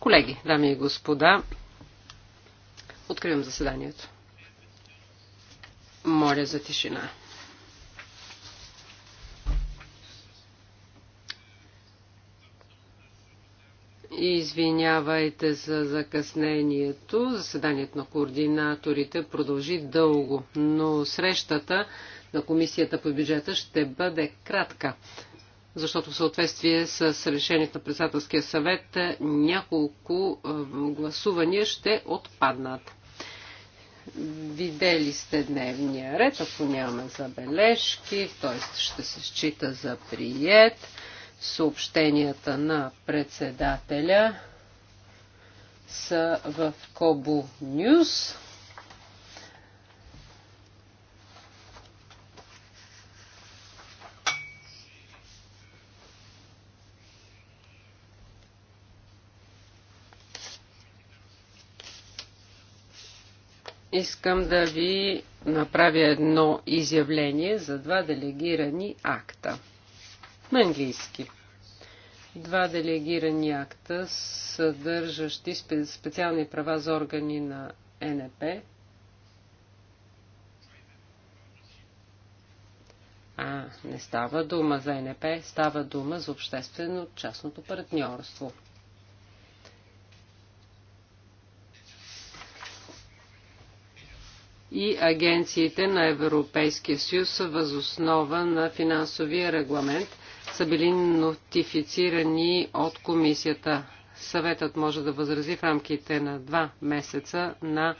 Колеги, дами и господа, откривам заседанието. Моля за тишина. Извинявайте за закъснението. Заседанието на координаторите продължи дълго, но срещата на Комисията по бюджета ще бъде кратка защото в съответствие с решението на председателския съвет е, няколко е, гласувания ще отпаднат. Видели сте дневния ред, ако няма забележки, т.е. ще се счита за прият. Съобщенията на председателя са в Кобо Нюс. Искам да ви направя едно изявление за два делегирани акта. На английски. Два делегирани акта, съдържащи специални права за органи на НП. А, не става дума за НП, става дума за обществено-частното партньорство. и агенциите на Европейския съюз възоснова на финансовия регламент са били нотифицирани от комисията. Съветът може да възрази в рамките на два месеца на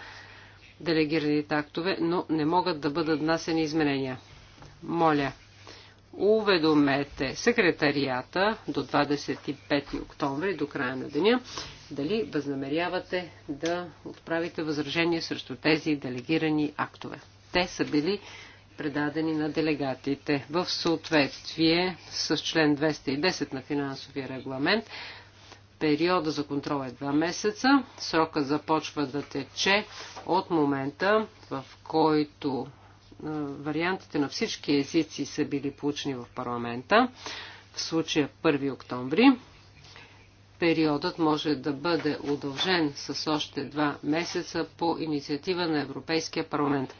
делегираните актове, но не могат да бъдат внасени изменения. Моля, уведомете секретарията до 25 октомври, до края на деня, дали възнамерявате да отправите възражение срещу тези делегирани актове. Те са били предадени на делегатите в съответствие с член 210 на финансовия регламент. Периода за контрол е 2 месеца. Срока започва да тече от момента, в който вариантите на всички езици са били получени в парламента, в случая 1 октомври периодът може да бъде удължен с още два месеца по инициатива на Европейския парламент.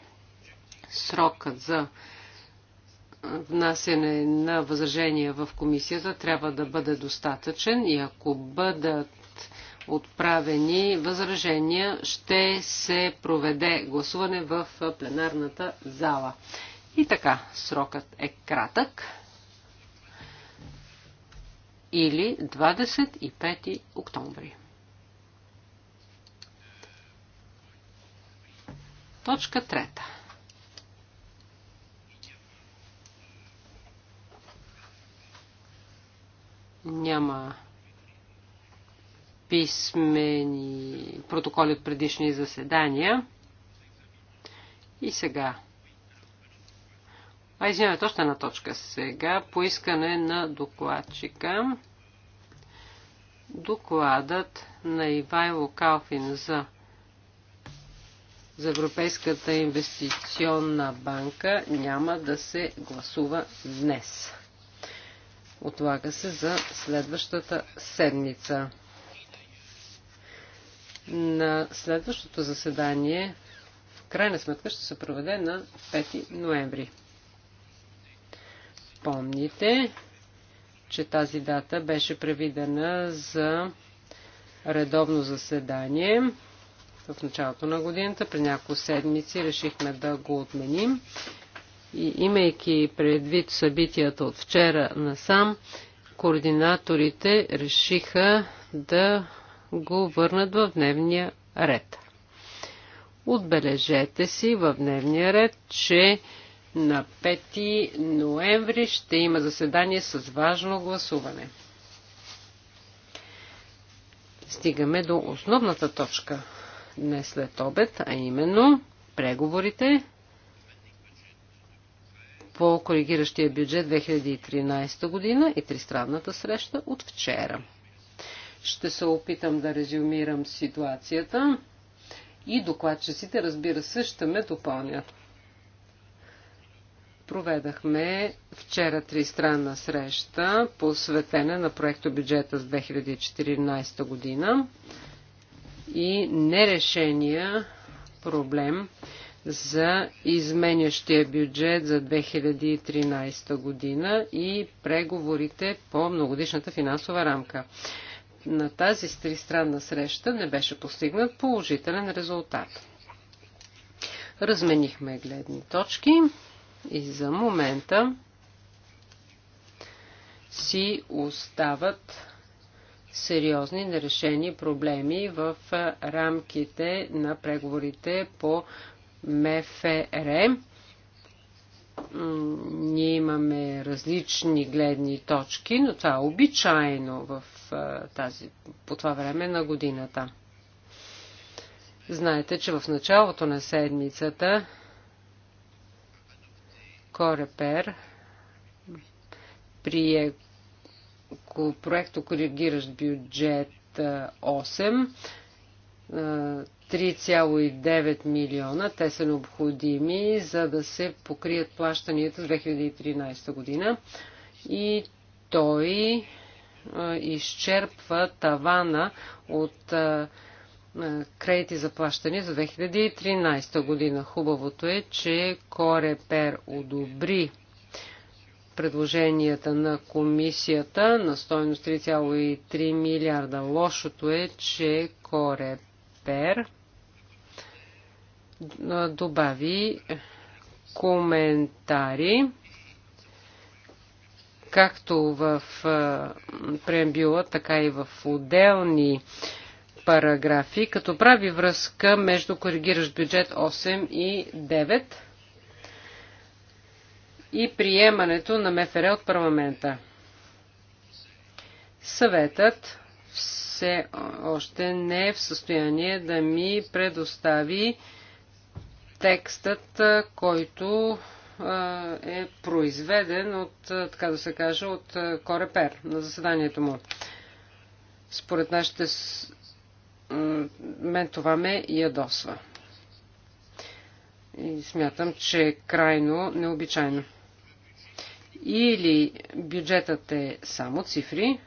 Срокът за внасяне на възражения в комисията трябва да бъде достатъчен и ако бъдат отправени възражения, ще се проведе гласуване в пленарната зала. И така, срокът е кратък или 25 октомври. Точка трета. Няма писмени протоколи от предишни заседания. И сега а, извинявайте, още една точка сега. Поискане на докладчика. Докладът на Ивайло Калфин за за Европейската инвестиционна банка няма да се гласува днес. Отлага се за следващата седмица. На следващото заседание в крайна сметка ще се проведе на 5 ноември спомните, че тази дата беше превидена за редовно заседание в началото на годината. При няколко седмици решихме да го отменим. И имайки предвид събитията от вчера насам, координаторите решиха да го върнат в дневния ред. Отбележете си в дневния ред, че на 5 ноември ще има заседание с важно гласуване. Стигаме до основната точка днес след обед, а именно преговорите по коригиращия бюджет 2013 година и тристранната среща от вчера. Ще се опитам да резюмирам ситуацията и докладчиците, разбира се, ще ме допълнят. Проведахме вчера тристранна среща, посветена на проекто бюджета с 2014 година и нерешения проблем за изменящия бюджет за 2013 година и преговорите по многодишната финансова рамка. На тази тристранна среща не беше постигнат положителен резултат. Разменихме гледни точки. И за момента си остават сериозни нерешени проблеми в рамките на преговорите по МФР. Ние имаме различни гледни точки, но това е обичайно в тази, по това време на годината. Знаете, че в началото на седмицата Корепер прие проекто коригиращ бюджет 8 3,9 милиона. Те са необходими, за да се покрият плащанията за 2013 година. И той изчерпва тавана от е, кредити за плащане за 2013 година. Хубавото е, че Корепер одобри предложенията на комисията на стоеност 3,3 милиарда. Лошото е, че Корепер е, добави коментари, както в е, преамбюла, така и в отделни параграфи, като прави връзка между коригиращ бюджет 8 и 9 и приемането на МФР от парламента. Съветът все още не е в състояние да ми предостави текстът, който е произведен от, така да се каже, от Корепер на заседанието му. Според нашите мен това ме ядосва. И смятам, че е крайно необичайно. Или бюджетът е само цифри,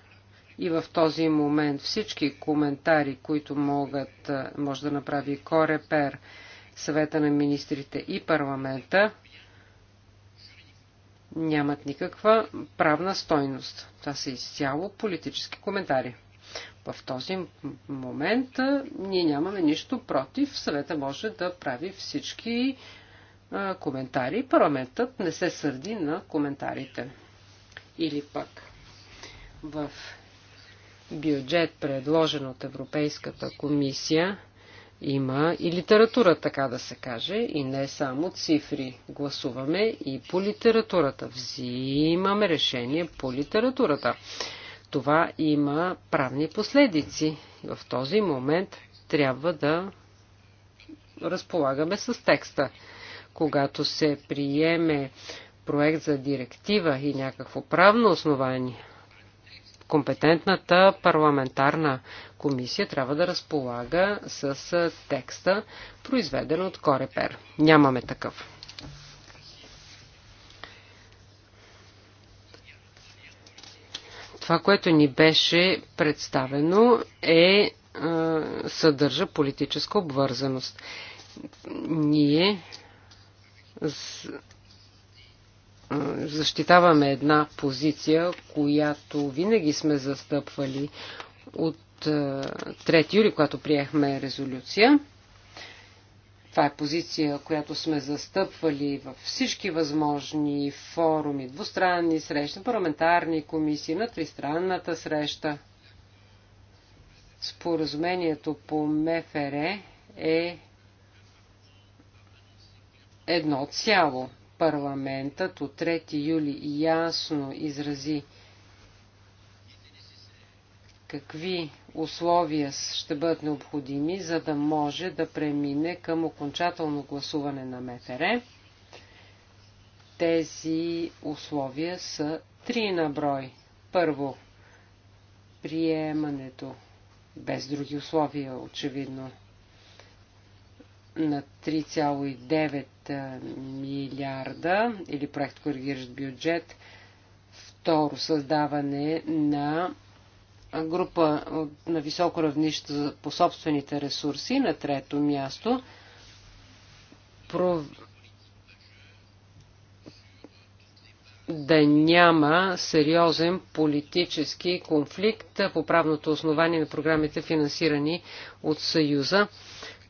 и в този момент всички коментари, които могат, може да направи Корепер, съвета на министрите и парламента, нямат никаква правна стойност. Това са изцяло политически коментари. В този момент ние нямаме нищо против. Съвета може да прави всички коментари. Парламентът не се сърди на коментарите. Или пък в бюджет, предложен от Европейската комисия, има и литература, така да се каже, и не само цифри. Гласуваме и по литературата. Взимаме решение по литературата това има правни последици. в този момент трябва да разполагаме с текста. Когато се приеме проект за директива и някакво правно основание, компетентната парламентарна комисия трябва да разполага с текста, произведен от Корепер. Нямаме такъв. Това, което ни беше представено е съдържа политическа обвързаност. Ние защитаваме една позиция, която винаги сме застъпвали от 3 юли, когато приехме резолюция. Това е позиция, която сме застъпвали във всички възможни форуми, двустранни срещи, парламентарни комисии, на тристранната среща. Споразумението по МФР е едно цяло. Парламентът от 3 юли ясно изрази какви условия ще бъдат необходими, за да може да премине към окончателно гласуване на МФР. Тези условия са три на брой. Първо, приемането без други условия, очевидно, на 3,9 милиарда или проект коригиращ бюджет. Второ, създаване на група на високо равнище по собствените ресурси. На трето място да няма сериозен политически конфликт по правното основание на програмите, финансирани от Съюза,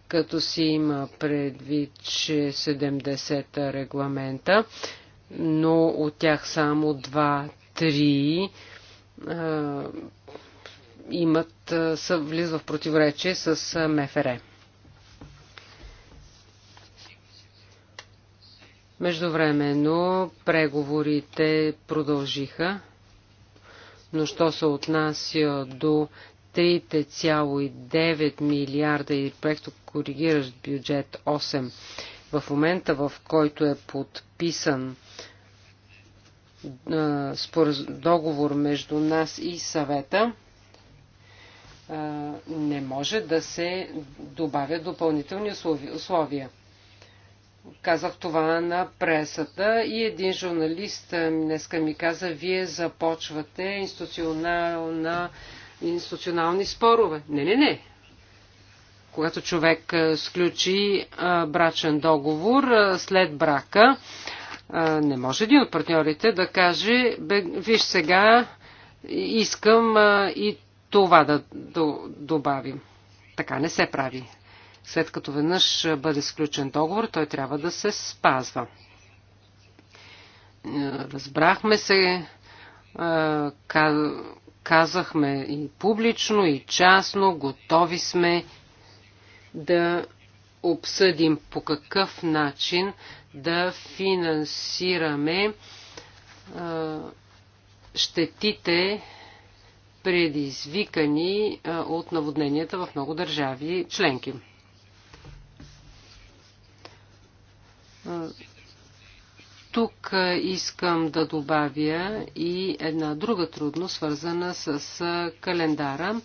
като си има предвид, че 70 регламента, но от тях само 2-3 имат, са влиза в противоречие с МФР. Междувременно преговорите продължиха, но що се отнася до 3,9 милиарда и проекто коригиращ бюджет 8, в момента в който е подписан договор между нас и съвета, не може да се добавят допълнителни условия. Казах това на пресата и един журналист днеска ми каза, вие започвате институционална, институционални спорове. Не, не, не. Когато човек сключи брачен договор след брака, не може един от партньорите да каже, виж сега, искам и това да добавим. Така не се прави. След като веднъж бъде сключен договор, той трябва да се спазва. Е, разбрахме се, е, казахме и публично, и частно, готови сме да обсъдим по какъв начин да финансираме е, щетите предизвикани от наводненията в много държави членки. Тук искам да добавя и една друга трудност, свързана с календара.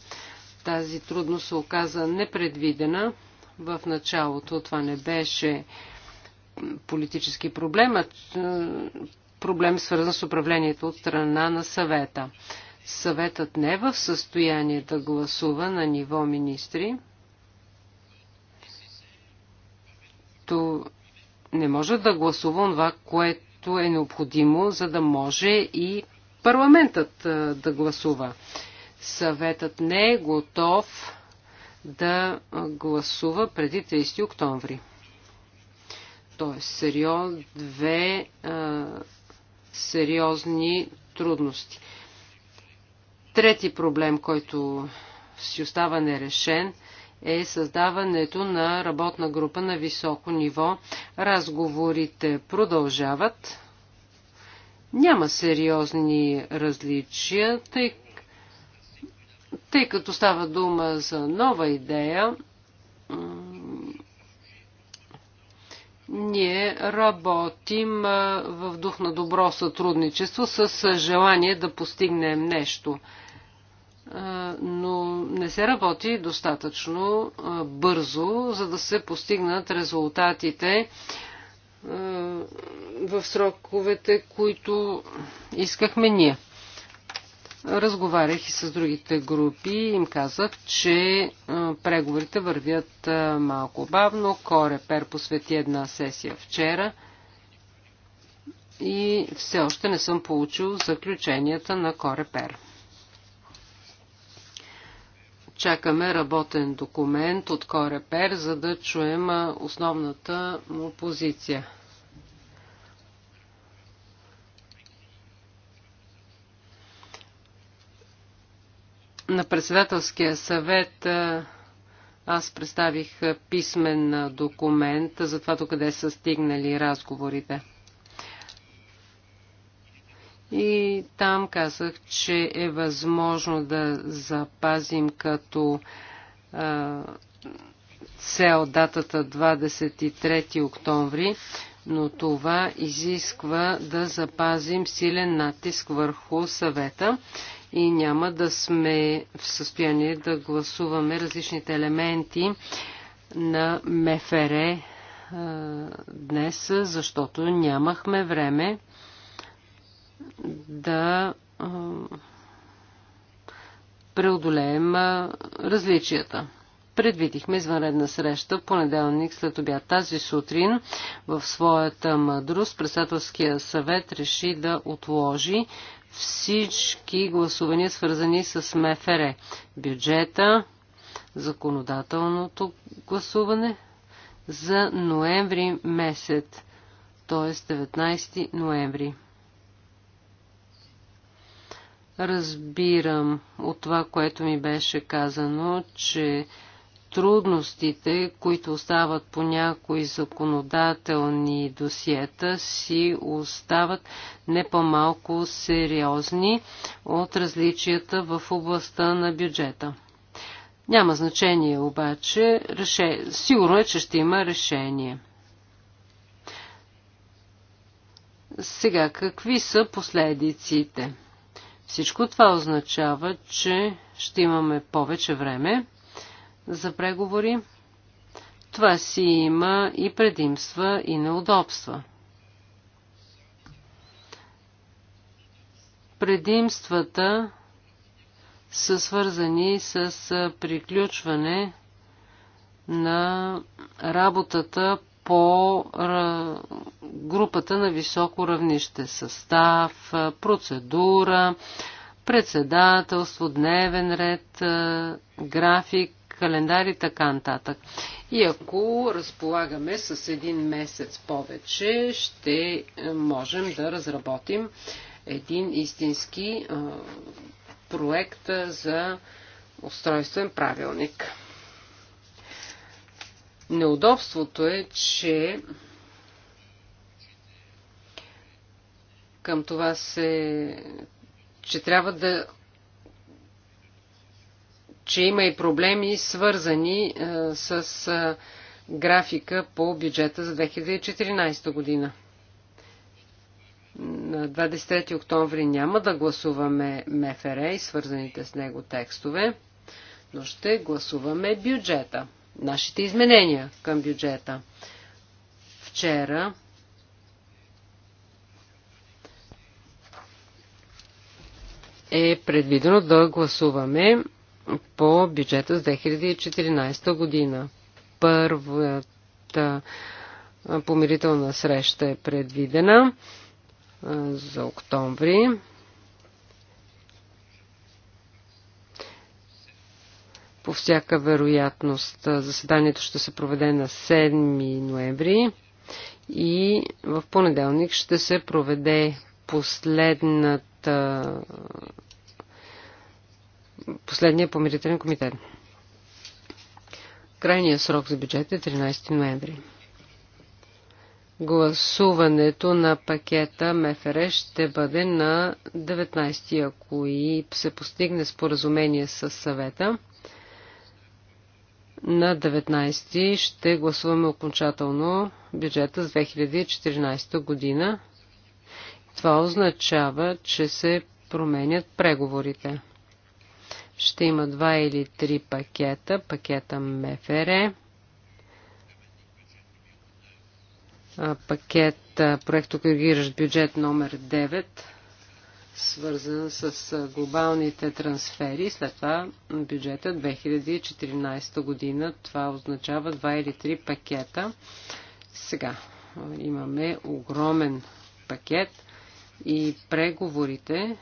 Тази трудност се оказа непредвидена. В началото това не беше политически проблем, а проблем свързан с управлението от страна на съвета съветът не е в състояние да гласува на ниво министри, то не може да гласува това, което е необходимо, за да може и парламентът да гласува. Съветът не е готов да гласува преди 30 октомври. Тоест, сериоз, две а, сериозни трудности. Трети проблем, който си остава нерешен, е създаването на работна група на високо ниво. Разговорите продължават. Няма сериозни различия, тъй, тъй като става дума за нова идея. Ние работим в дух на добро сътрудничество с желание да постигнем нещо – но не се работи достатъчно бързо, за да се постигнат резултатите в сроковете, които искахме ние. Разговарях и с другите групи и им казах, че преговорите вървят малко бавно. Корепер посвети една сесия вчера и все още не съм получил заключенията на Корепер. Чакаме работен документ от Корепер, за да чуем основната му позиция. На председателския съвет аз представих писмен документ за това докъде са стигнали разговорите. И там казах, че е възможно да запазим като а, цел датата 23 октомври, но това изисква да запазим силен натиск върху съвета и няма да сме в състояние да гласуваме различните елементи на МФР а, днес, защото нямахме време да преодолеем различията. Предвидихме извънредна среща в понеделник след обяд. Тази сутрин в своята мъдрост председателския съвет реши да отложи всички гласувания, свързани с МФР. Бюджета, законодателното гласуване за ноември месец, т.е. 19 ноември. Разбирам от това, което ми беше казано, че трудностите, които остават по някои законодателни досиета, си остават не по-малко сериозни от различията в областта на бюджета. Няма значение обаче, реше... сигурно е, че ще има решение. Сега, какви са последиците? Всичко това означава, че ще имаме повече време за преговори. Това си има и предимства, и неудобства. Предимствата са свързани с приключване на работата по групата на високо равнище състав, процедура, председателство, дневен ред, график, календар и така нататък. И ако разполагаме с един месец повече, ще можем да разработим един истински проект за устройствен правилник. Неудобството е, че към това се... че трябва да... че има и проблеми свързани е, с е, графика по бюджета за 2014 година. На 23 октомври няма да гласуваме МФР и свързаните с него текстове, но ще гласуваме бюджета нашите изменения към бюджета. Вчера е предвидено да гласуваме по бюджета с 2014 година. Първата помирителна среща е предвидена за октомври. По всяка вероятност заседанието ще се проведе на 7 ноември и в понеделник ще се проведе последната последния помирителен комитет. Крайният срок за бюджет е 13 ноември. Гласуването на пакета МФР ще бъде на 19, ако и се постигне споразумение с съвета. На 19 ще гласуваме окончателно бюджета за 2014 година. Това означава, че се променят преговорите. Ще има два или три пакета. Пакета МФР, пакет проекто коригиращ бюджет номер 9 Свързана с глобалните трансфери. След това бюджета 2014 година. Това означава 2 или 3 пакета. Сега имаме огромен пакет и преговорите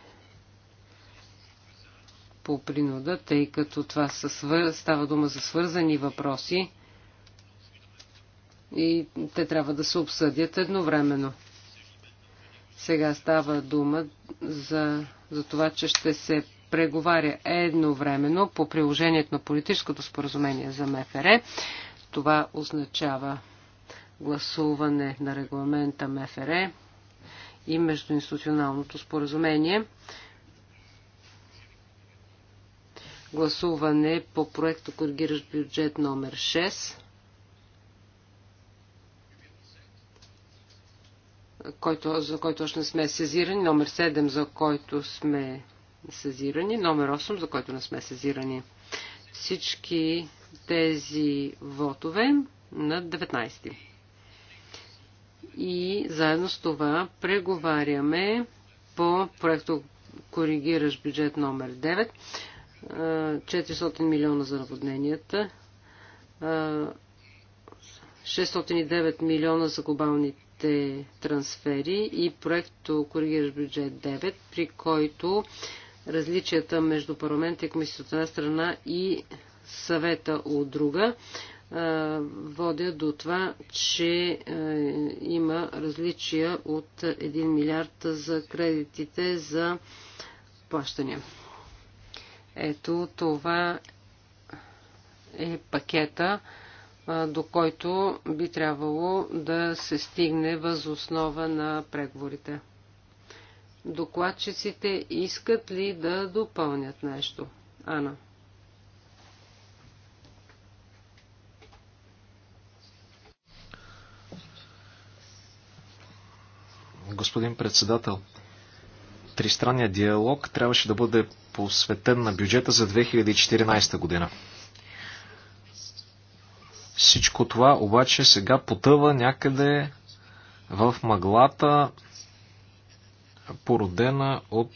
по принуда, тъй като това става дума за свързани въпроси и те трябва да се обсъдят едновременно. Сега става дума за, за това, че ще се преговаря едновременно по приложението на политическото споразумение за МФР. Това означава гласуване на регламента МФР и междуинституционалното споразумение. Гласуване по проекта коригиращ бюджет номер 6 който, за който още не сме сезирани, номер 7, за който сме сезирани, номер 8, за който не сме сезирани. Всички тези вотове на 19. И заедно с това преговаряме по проекто коригираш бюджет номер 9, 400 милиона за наводненията, 609 милиона за глобалните преките трансфери и проекто коригираш бюджет 9, при който различията между парламента и комисията от една страна и съвета от друга водят до това, че има различия от 1 милиард за кредитите за плащания. Ето това е пакета до който би трябвало да се стигне въз основа на преговорите. Докладчиците искат ли да допълнят нещо? Ана. Господин председател, тристранният диалог трябваше да бъде посветен на бюджета за 2014 година. Всичко това обаче сега потъва някъде в мъглата, породена от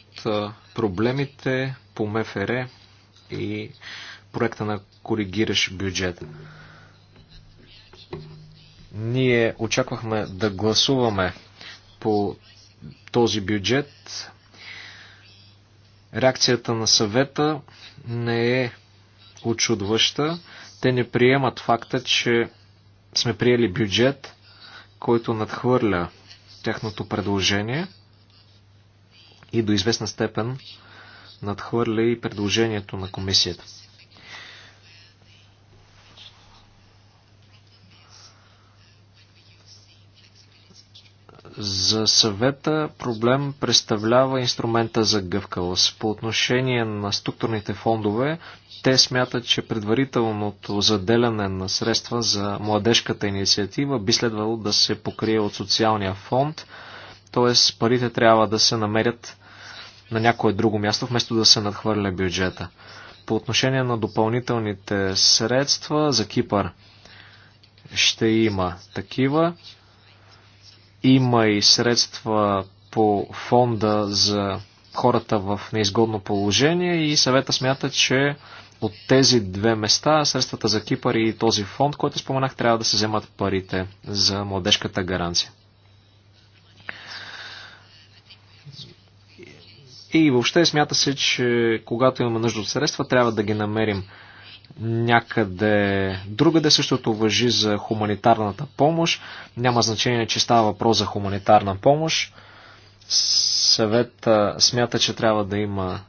проблемите по МФР и проекта на коригираш бюджет. Ние очаквахме да гласуваме по този бюджет. Реакцията на съвета не е очудваща. Те не приемат факта, че сме приели бюджет, който надхвърля тяхното предложение и до известна степен надхвърля и предложението на комисията. За съвета проблем представлява инструмента за гъвкавост. По отношение на структурните фондове, те смятат, че предварителното заделяне на средства за младежката инициатива би следвало да се покрие от социалния фонд, т.е. парите трябва да се намерят на някое друго място, вместо да се надхвърля бюджета. По отношение на допълнителните средства за Кипър ще има такива. Има и средства по фонда за хората в неизгодно положение и съвета смята, че от тези две места, средствата за Кипър и този фонд, който споменах, трябва да се вземат парите за младежката гаранция. И въобще смята се, че когато имаме нужда от средства, трябва да ги намерим някъде другаде. Същото въжи за хуманитарната помощ. Няма значение, че става въпрос за хуманитарна помощ. Съвет смята, че трябва да има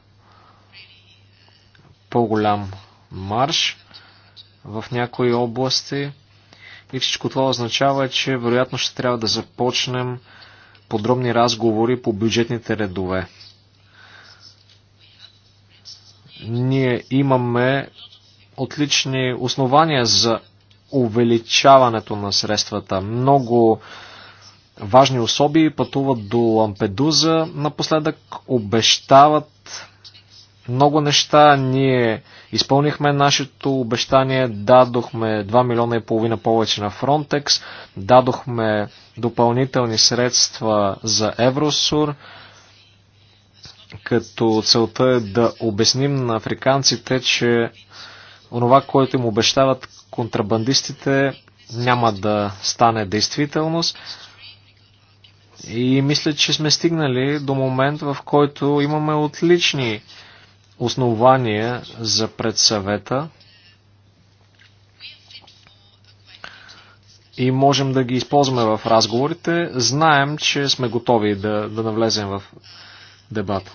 по-голям марш в някои области. И всичко това означава, че вероятно ще трябва да започнем подробни разговори по бюджетните редове. Ние имаме отлични основания за увеличаването на средствата. Много важни особи пътуват до Лампедуза напоследък, обещават много неща. Ние изпълнихме нашето обещание, дадохме 2 милиона и половина повече на Frontex, дадохме допълнителни средства за Евросур, като целта е да обясним на африканците, че онова, което им обещават контрабандистите, няма да стане действителност. И мисля, че сме стигнали до момент, в който имаме отлични основания за предсъвета и можем да ги използваме в разговорите. Знаем, че сме готови да, да навлезем в дебата.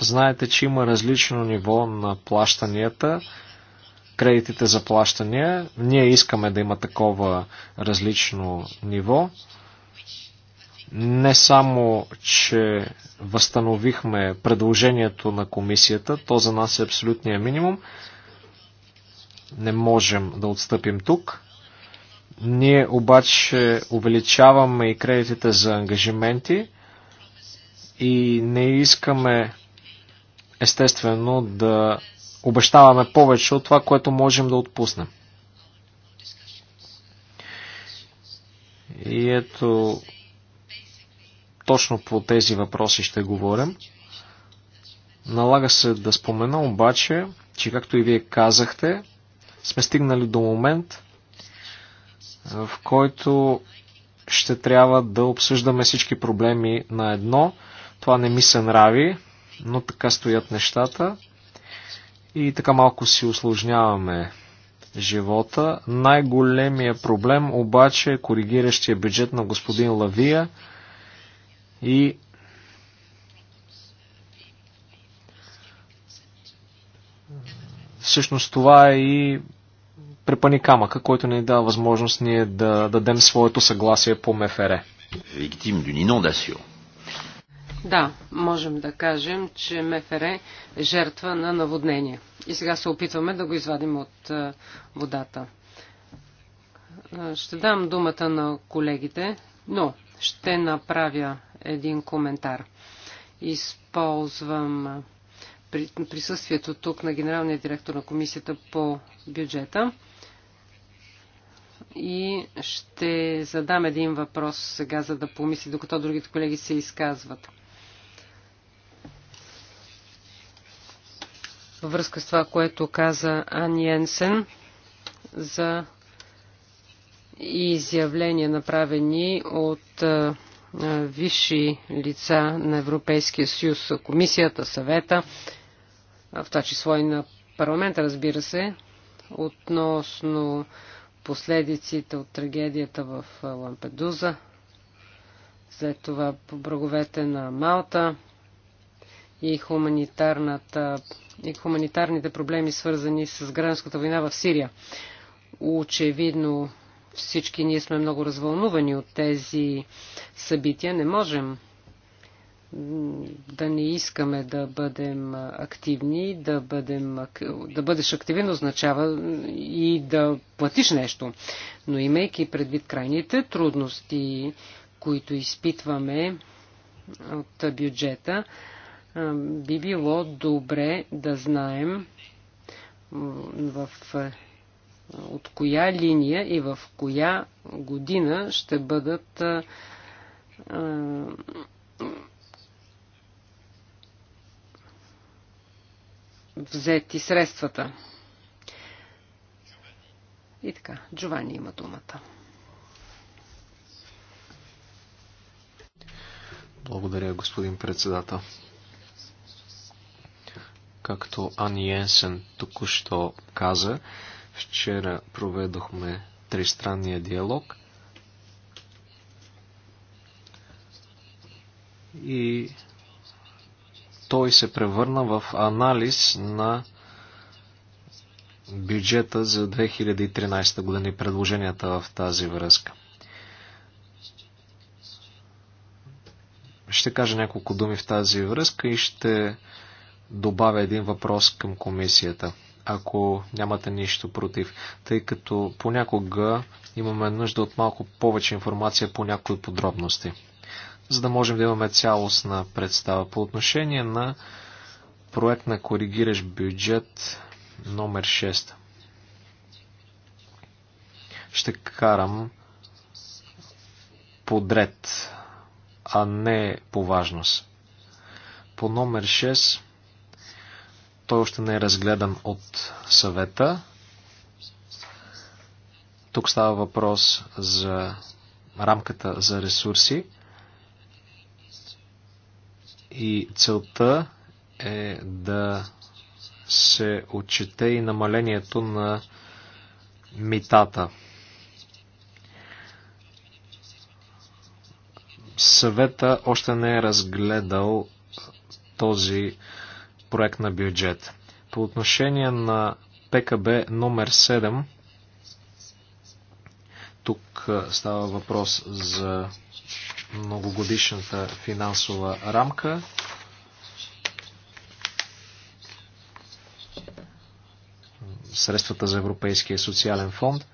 Знаете, че има различно ниво на плащанията, кредитите за плащания. Ние искаме да има такова различно ниво. Не само, че възстановихме предложението на комисията, то за нас е абсолютния минимум. Не можем да отстъпим тук. Ние обаче увеличаваме и кредитите за ангажименти и не искаме естествено да обещаваме повече от това, което можем да отпуснем. И ето, точно по тези въпроси ще говорим. Налага се да спомена обаче, че както и вие казахте, сме стигнали до момент, в който ще трябва да обсъждаме всички проблеми на едно. Това не ми се нрави но така стоят нещата и така малко си осложняваме живота. Най-големия проблем обаче е коригиращия бюджет на господин Лавия и всъщност това е и препани камъка, който ни дава възможност ние да дадем своето съгласие по МФР. Виктим дюни inondation. Да, можем да кажем, че МФР е жертва на наводнение. И сега се опитваме да го извадим от е, водата. Е, ще дам думата на колегите, но ще направя един коментар. Използвам е, присъствието тук на генералния директор на комисията по бюджета и ще задам един въпрос сега, за да помисли, докато другите колеги се изказват. във връзка с това, което каза Ани Енсен за изявления, направени от висши лица на Европейския съюз, комисията, съвета, в това число и на парламента, разбира се, относно последиците от трагедията в Лампедуза, след това по браговете на Малта, и, хуманитарната, и хуманитарните проблеми, свързани с гражданската война в Сирия. Очевидно всички ние сме много развълнувани от тези събития. Не можем да не искаме да бъдем активни, да, бъдем, да бъдеш активен означава и да платиш нещо. Но имайки предвид крайните трудности, които изпитваме от бюджета, би било добре да знаем в е, от коя линия и в коя година ще бъдат а, е, е, взети средствата. И така, Джовани има думата. Благодаря, господин председател. Както Ани енсен току-що каза, вчера проведохме тристранния диалог и той се превърна в анализ на бюджета за 2013 година и предложенията в тази връзка. Ще кажа няколко думи в тази връзка и ще добавя един въпрос към комисията, ако нямате нищо против, тъй като понякога имаме нужда от малко повече информация по някои подробности, за да можем да имаме цялостна представа. По отношение на проект на коригираш бюджет номер 6. Ще карам подред, а не по важност. По номер 6 той още не е разгледан от съвета. Тук става въпрос за рамката за ресурси. И целта е да се отчете и намалението на митата. Съвета още не е разгледал този проект на бюджет. По отношение на ПКБ номер 7, тук става въпрос за многогодишната финансова рамка. Средствата за Европейския социален фонд.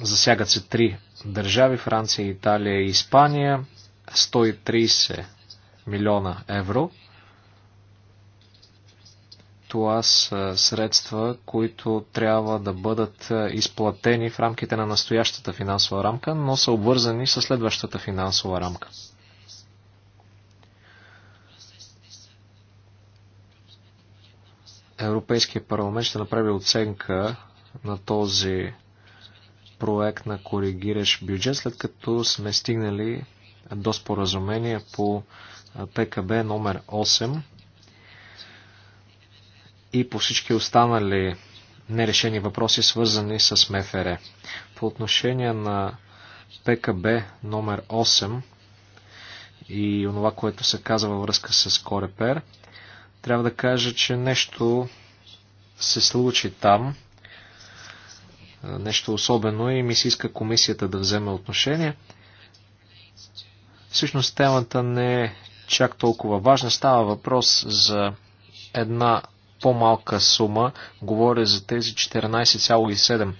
Засягат се три държави Франция, Италия и Испания. 130 милиона евро. Това са средства, които трябва да бъдат изплатени в рамките на настоящата финансова рамка, но са обвързани с следващата финансова рамка. Европейския парламент ще направи оценка на този проект на коригиращ бюджет, след като сме стигнали до споразумение по ПКБ номер 8 и по всички останали нерешени въпроси, свързани с МФР. По отношение на ПКБ номер 8 и онова, което се казва във връзка с Корепер, трябва да кажа, че нещо се случи там, нещо особено и ми се иска комисията да вземе отношение. Всъщност темата не е чак толкова важна. Става въпрос за една по-малка сума. Говоря за тези 14,7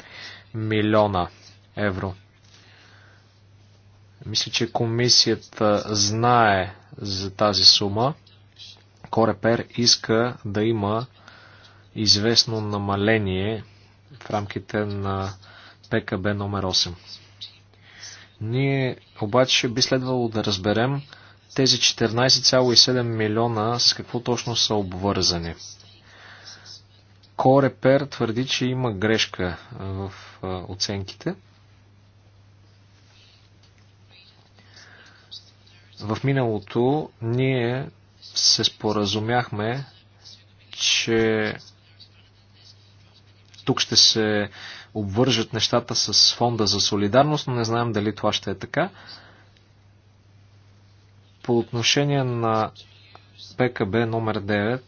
милиона евро. Мисля, че комисията знае за тази сума. Корепер иска да има известно намаление в рамките на ПКБ номер 8. Ние обаче би следвало да разберем тези 14,7 милиона с какво точно са обвързани? Корепер твърди, че има грешка е, в е, оценките. В миналото ние се споразумяхме, че тук ще се обвържат нещата с фонда за солидарност, но не знаем дали това ще е така. По отношение на ПКБ номер 9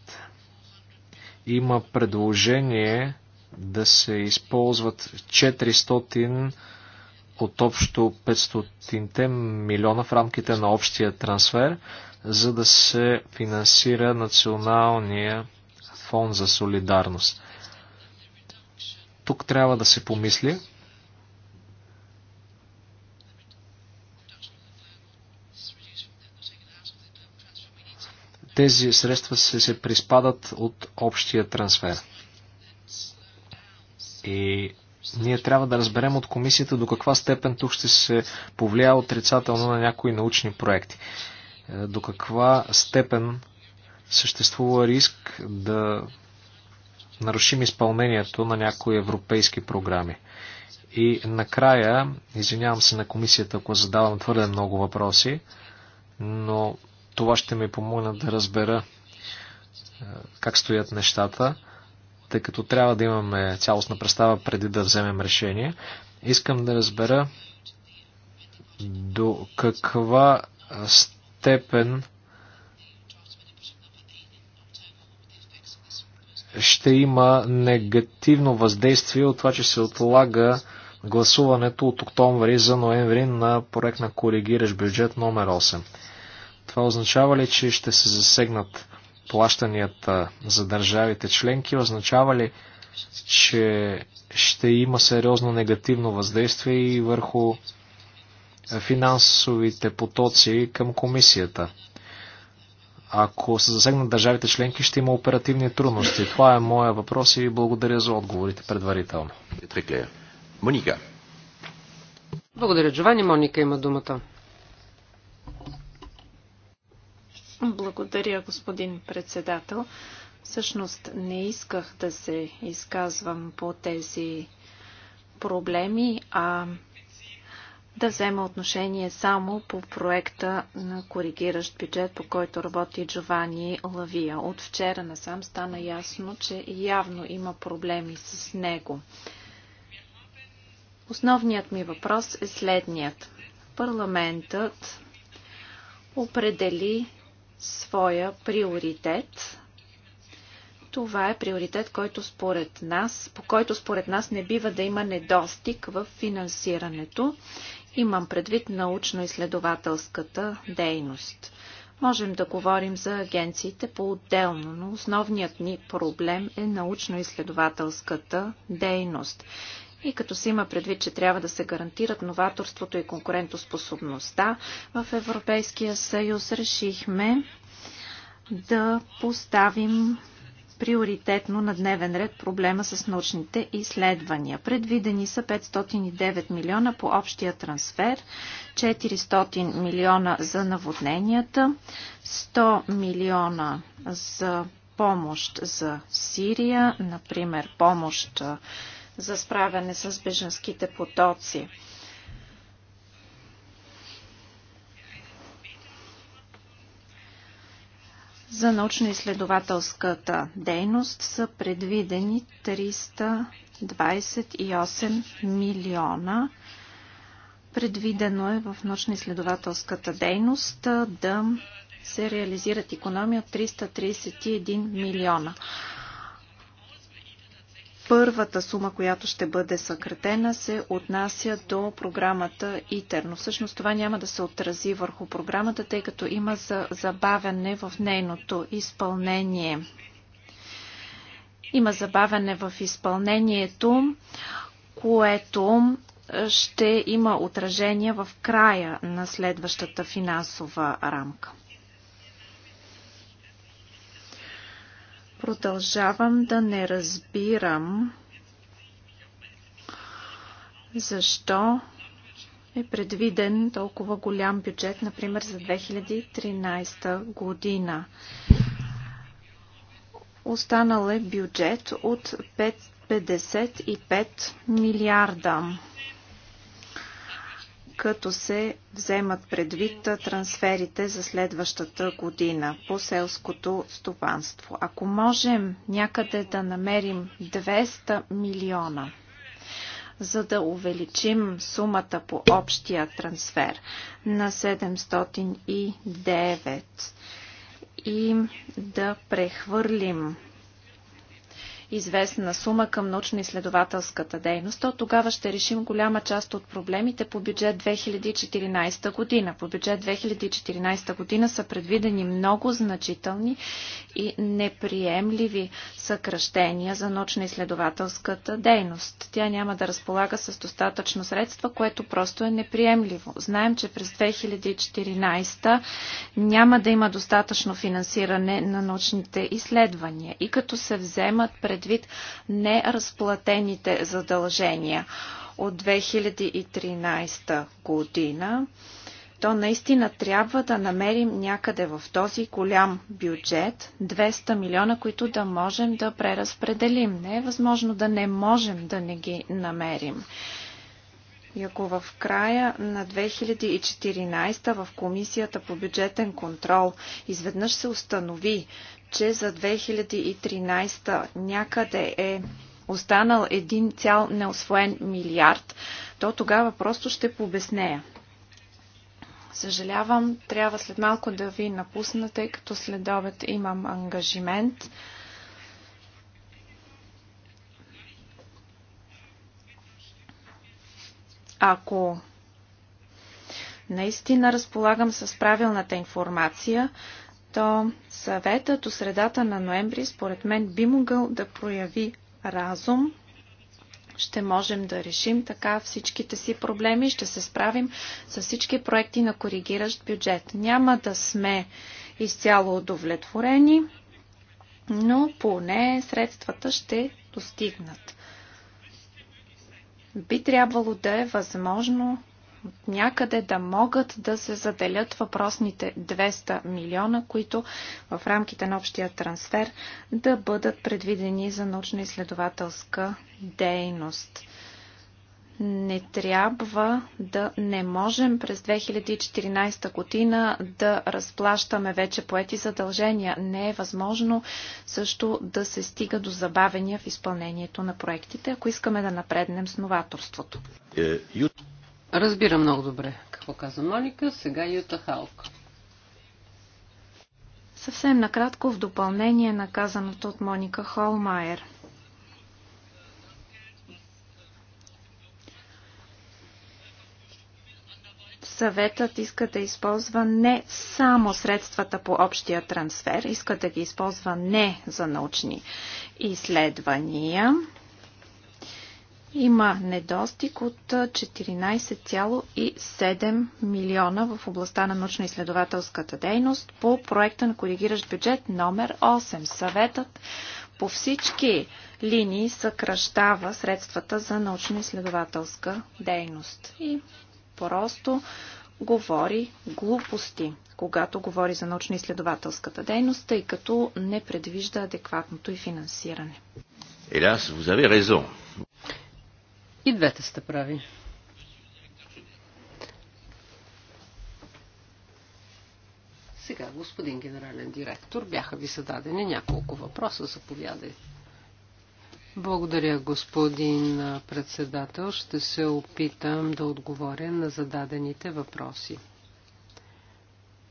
има предложение да се използват 400 от общо 500 милиона в рамките на общия трансфер, за да се финансира националния фонд за солидарност. Тук трябва да се помисли. Тези средства се, се приспадат от общия трансфер. И ние трябва да разберем от комисията до каква степен тук ще се повлия отрицателно на някои научни проекти. Е, до каква степен съществува риск да нарушим изпълнението на някои европейски програми. И накрая, извинявам се на комисията, ако задавам твърде много въпроси, но това ще ми помогна да разбера е, как стоят нещата, тъй като трябва да имаме цялостна представа преди да вземем решение. Искам да разбера до каква степен ще има негативно въздействие от това, че се отлага гласуването от октомври за ноември на проект на коригираш бюджет номер 8. Това означава ли, че ще се засегнат плащанията за държавите членки? Означава ли, че ще има сериозно негативно въздействие и върху финансовите потоци към комисията? Ако се засегнат държавите членки, ще има оперативни трудности. Това е моя въпрос и благодаря за отговорите предварително. Моника. Благодаря, Джовани. Моника има думата. Благодаря, господин председател. Всъщност не исках да се изказвам по тези проблеми, а да взема отношение само по проекта на коригиращ бюджет, по който работи Джовани Лавия. От вчера насам стана ясно, че явно има проблеми с него. Основният ми въпрос е следният. Парламентът определи своя приоритет. Това е приоритет, който според нас, по който според нас не бива да има недостиг в финансирането. Имам предвид научно-изследователската дейност. Можем да говорим за агенциите по-отделно, но основният ни проблем е научно-изследователската дейност. И като се има предвид, че трябва да се гарантират новаторството и конкурентоспособността в Европейския съюз, решихме да поставим приоритетно на дневен ред проблема с научните изследвания. Предвидени са 509 милиона по общия трансфер, 400 милиона за наводненията, 100 милиона за помощ за Сирия, например помощ за справяне с беженските потоци. За научно-изследователската дейност са предвидени 328 милиона. Предвидено е в научно-изследователската дейност да се реализират економии от 331 милиона. Първата сума, която ще бъде съкратена, се отнася до програмата ИТЕР, но всъщност това няма да се отрази върху програмата, тъй като има за забавяне в нейното изпълнение. Има забавяне в изпълнението, което ще има отражение в края на следващата финансова рамка. Продължавам да не разбирам защо е предвиден толкова голям бюджет, например за 2013 година. Останал е бюджет от 5, 55 милиарда като се вземат предвид трансферите за следващата година по селското стопанство. Ако можем някъде да намерим 200 милиона, за да увеличим сумата по общия трансфер на 709 и да прехвърлим известна сума към научно-изследователската дейност, то тогава ще решим голяма част от проблемите по бюджет 2014 година. По бюджет 2014 година са предвидени много значителни и неприемливи съкръщения за научно-изследователската дейност. Тя няма да разполага с достатъчно средства, което просто е неприемливо. Знаем, че през 2014 няма да има достатъчно финансиране на научните изследвания и като се вземат пред предвид неразплатените задължения от 2013 година, то наистина трябва да намерим някъде в този голям бюджет 200 милиона, които да можем да преразпределим. Не е възможно да не можем да не ги намерим. И ако в края на 2014 в Комисията по бюджетен контрол изведнъж се установи, че за 2013 някъде е останал един цял неосвоен милиард, то тогава просто ще побеснея. Съжалявам, трябва след малко да ви напусна, тъй като след обед имам ангажимент. Ако наистина разполагам с правилната информация, то съветът от средата на ноември, според мен, би могъл да прояви разум. Ще можем да решим така всичките си проблеми, ще се справим с всички проекти на коригиращ бюджет. Няма да сме изцяло удовлетворени, но поне средствата ще достигнат би трябвало да е възможно някъде да могат да се заделят въпросните 200 милиона, които в рамките на общия трансфер да бъдат предвидени за научно-изследователска дейност не трябва да не можем през 2014 година да разплащаме вече поети задължения. Не е възможно също да се стига до забавения в изпълнението на проектите, ако искаме да напреднем с новаторството. Е, Разбира много добре какво каза Моника. Сега Юта Халк. Съвсем накратко в допълнение на казаното от Моника Холмайер – съветът иска да използва не само средствата по общия трансфер, иска да ги използва не за научни изследвания. Има недостиг от 14,7 милиона в областта на научно-изследователската дейност по проекта на коригиращ бюджет номер 8. Съветът по всички линии съкръщава средствата за научно-изследователска дейност. И Просто говори глупости, когато говори за научно-изследователската дейност, тъй като не предвижда адекватното и финансиране. Елас, vous avez raison. И двете сте прави. Сега, господин генерален директор, бяха ви зададени няколко въпроса. Заповядайте. Благодаря, господин председател. Ще се опитам да отговоря на зададените въпроси.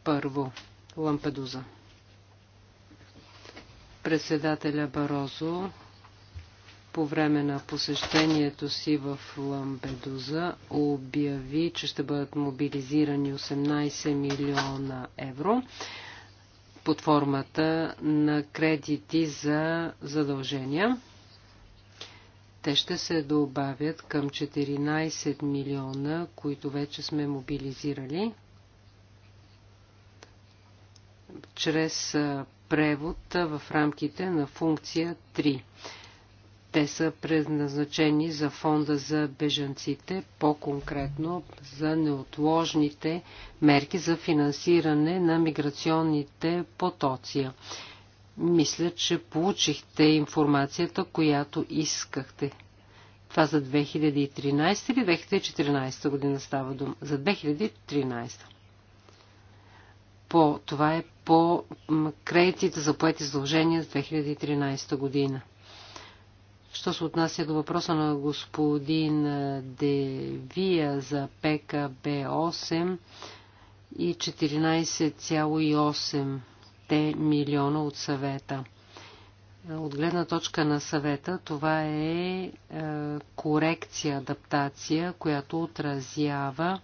Първо, Лампедуза. Председателя Барозо по време на посещението си в Лампедуза обяви, че ще бъдат мобилизирани 18 милиона евро под формата на кредити за задължения. Те ще се добавят към 14 милиона, които вече сме мобилизирали чрез превод в рамките на функция 3. Те са предназначени за фонда за бежанците, по-конкретно за неотложните мерки за финансиране на миграционните потоци. Мисля, че получихте информацията, която искахте. Това за 2013 или 2014 година става дума? За 2013. По, това е по кредитите за поети задължения за 2013 година. Що се отнася до въпроса на господин Девия за ПКБ 8 и те милиона от съвета. От гледна точка на съвета, това е, е корекция, адаптация, която отразява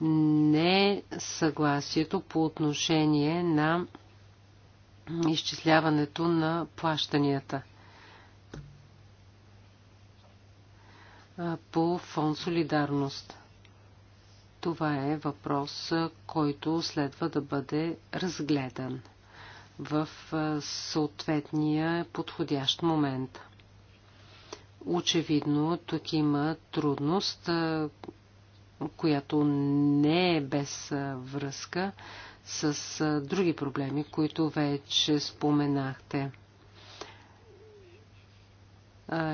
не съгласието по отношение на изчисляването на плащанията. По фонд Солидарност. Това е въпрос, който следва да бъде разгледан в съответния подходящ момент. Очевидно, тук има трудност, която не е без връзка с други проблеми, които вече споменахте.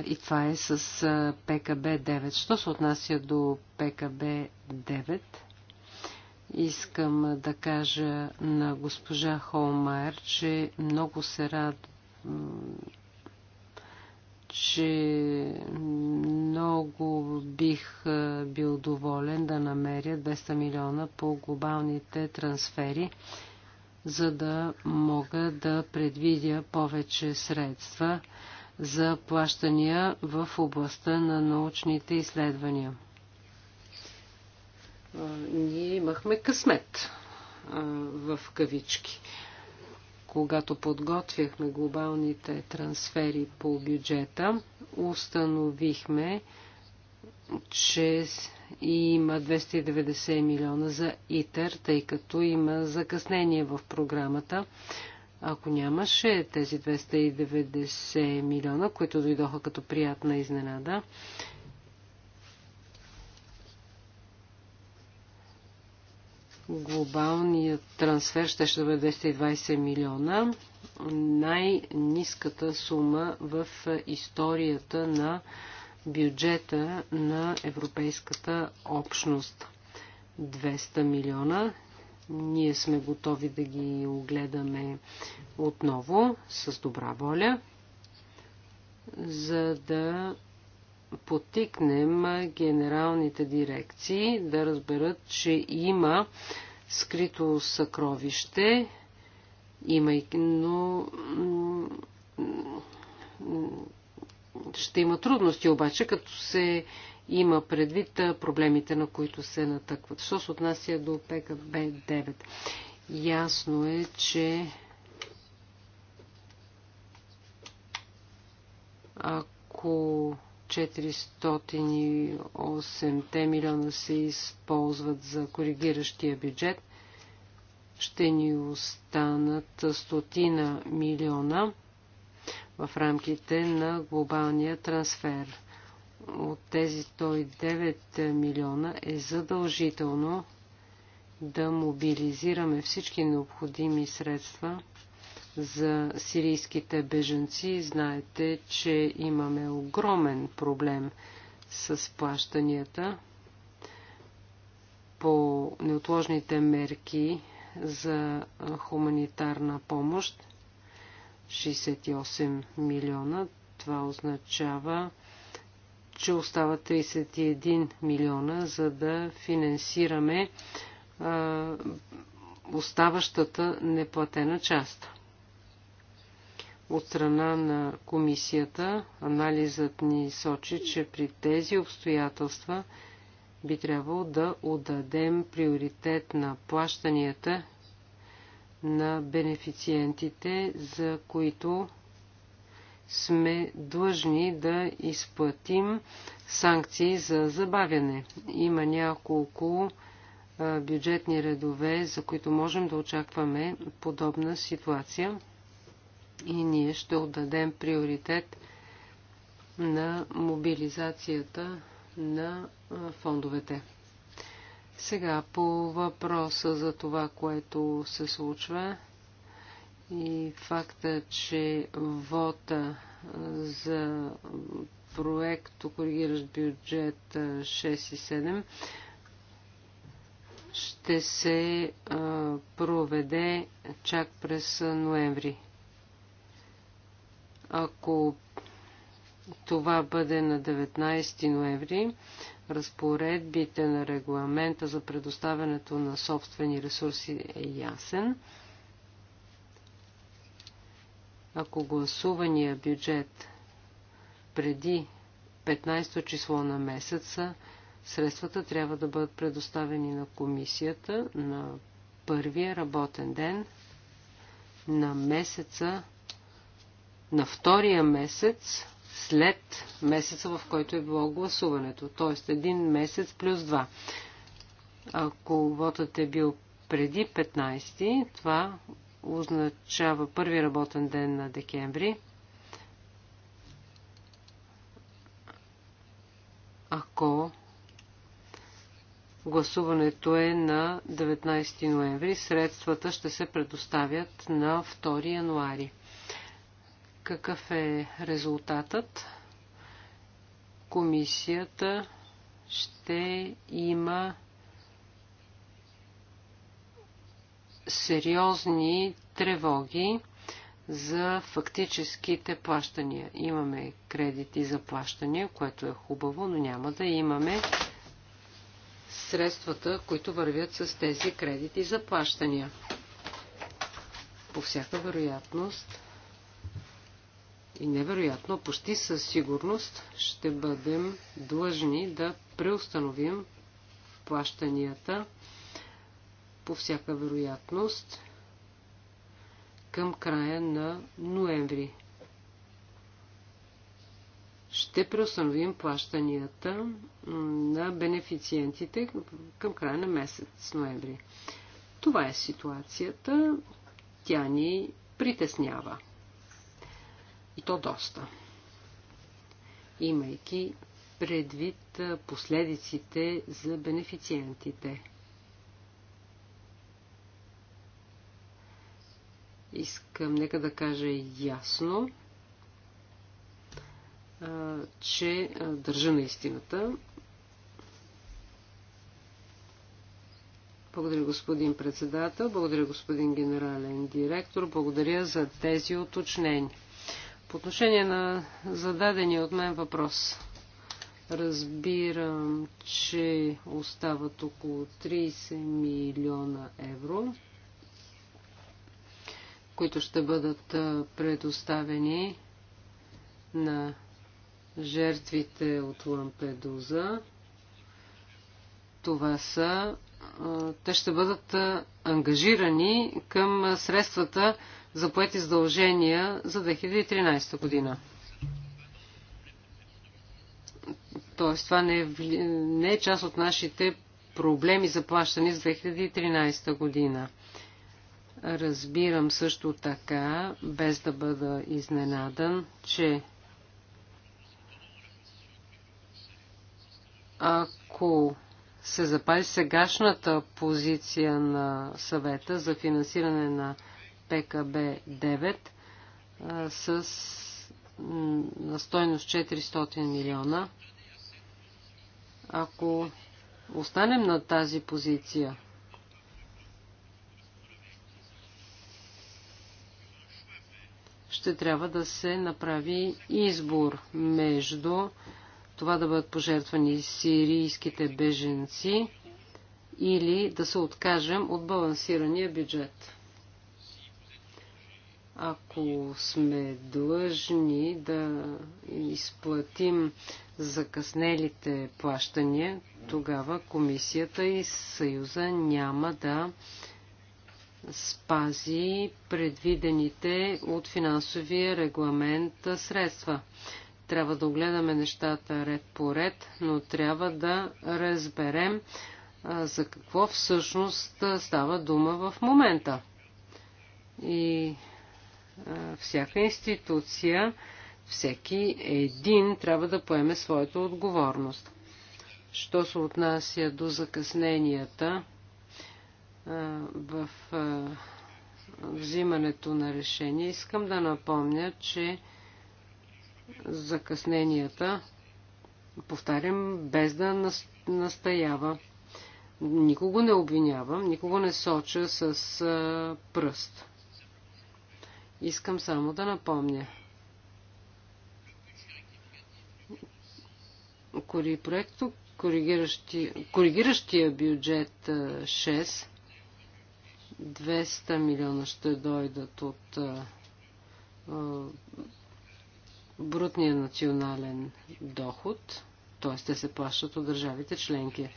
И това е с ПКБ 9. Що се отнася до ПКБ 9? Искам да кажа на госпожа Холмайер, че много се рад, че много бих бил доволен да намеря 200 милиона по глобалните трансфери, за да мога да предвидя повече средства за плащания в областта на научните изследвания ние имахме късмет в кавички. Когато подготвяхме глобалните трансфери по бюджета, установихме, че има 290 милиона за ИТЕР, тъй като има закъснение в програмата. Ако нямаше тези 290 милиона, които дойдоха като приятна изненада, глобалният трансфер ще, ще бъде 220 милиона, най-низката сума в историята на бюджета на Европейската общност. 200 милиона. Ние сме готови да ги огледаме отново с добра воля, за да потикнем генералните дирекции да разберат, че има скрито съкровище, имайки, но ще има трудности обаче, като се има предвид проблемите, на които се натъкват. Що се отнася до ПКБ 9? Ясно е, че ако 408 милиона се използват за коригиращия бюджет. Ще ни останат стотина милиона в рамките на глобалния трансфер. От тези 109 милиона е задължително да мобилизираме всички необходими средства – за сирийските беженци. Знаете, че имаме огромен проблем с плащанията по неотложните мерки за хуманитарна помощ 68 милиона. Това означава, че остава 31 милиона, за да финансираме оставащата неплатена част. От страна на комисията анализът ни сочи, че при тези обстоятелства би трябвало да отдадем приоритет на плащанията на бенефициентите, за които сме длъжни да изплатим санкции за забавяне. Има няколко бюджетни редове, за които можем да очакваме подобна ситуация и ние ще отдадем приоритет на мобилизацията на фондовете. Сега по въпроса за това, което се случва и факта, че вота за проект коригиращ бюджет 6 и 7 ще се проведе чак през ноември. Ако това бъде на 19 ноември, разпоредбите на регламента за предоставянето на собствени ресурси е ясен. Ако гласувания бюджет преди 15 число на месеца, средствата трябва да бъдат предоставени на комисията на първия работен ден на месеца на втория месец след месеца, в който е било гласуването. Т.е. един месец плюс два. Ако вотът е бил преди 15, това означава първи работен ден на декември. Ако гласуването е на 19 ноември, средствата ще се предоставят на 2 януари. Какъв е резултатът? Комисията ще има сериозни тревоги за фактическите плащания. Имаме кредити за плащания, което е хубаво, но няма да имаме средствата, които вървят с тези кредити за плащания. По всяка вероятност, и невероятно, почти със сигурност ще бъдем длъжни да преустановим плащанията по всяка вероятност към края на ноември. Ще преустановим плащанията на бенефициентите към края на месец ноември. Това е ситуацията. Тя ни притеснява. И то доста. Имайки предвид последиците за бенефициентите. Искам, нека да кажа ясно, че държа на истината. Благодаря, господин председател. Благодаря, господин генерален директор. Благодаря за тези уточнения. По отношение на зададения от мен въпрос, разбирам, че остават около 30 милиона евро, които ще бъдат предоставени на жертвите от Лампедуза. Това са. Те ще бъдат ангажирани към средствата, за поети задължения за 2013 година. Тоест, това не е, не е част от нашите проблеми за плащане за 2013 година. Разбирам също така, без да бъда изненадан, че ако се запази сегашната позиция на съвета за финансиране на ПКБ-9 с на стойност 400 милиона. Ако останем на тази позиция, ще трябва да се направи избор между това да бъдат пожертвани сирийските беженци или да се откажем от балансирания бюджет ако сме длъжни да изплатим закъснелите плащания, тогава комисията и съюза няма да спази предвидените от финансовия регламент средства. Трябва да огледаме нещата ред по ред, но трябва да разберем за какво всъщност става дума в момента. И всяка институция, всеки един трябва да поеме своята отговорност. Що се отнася до закъсненията в взимането на решение, искам да напомня, че закъсненията, повтарям, без да настоява. Никого не обвинявам, никого не соча с пръст. Искам само да напомня. Кори проекто, коригиращи, коригиращия бюджет 6, 200 милиона ще дойдат от брутния национален доход, т.е. те се плащат от държавите членки.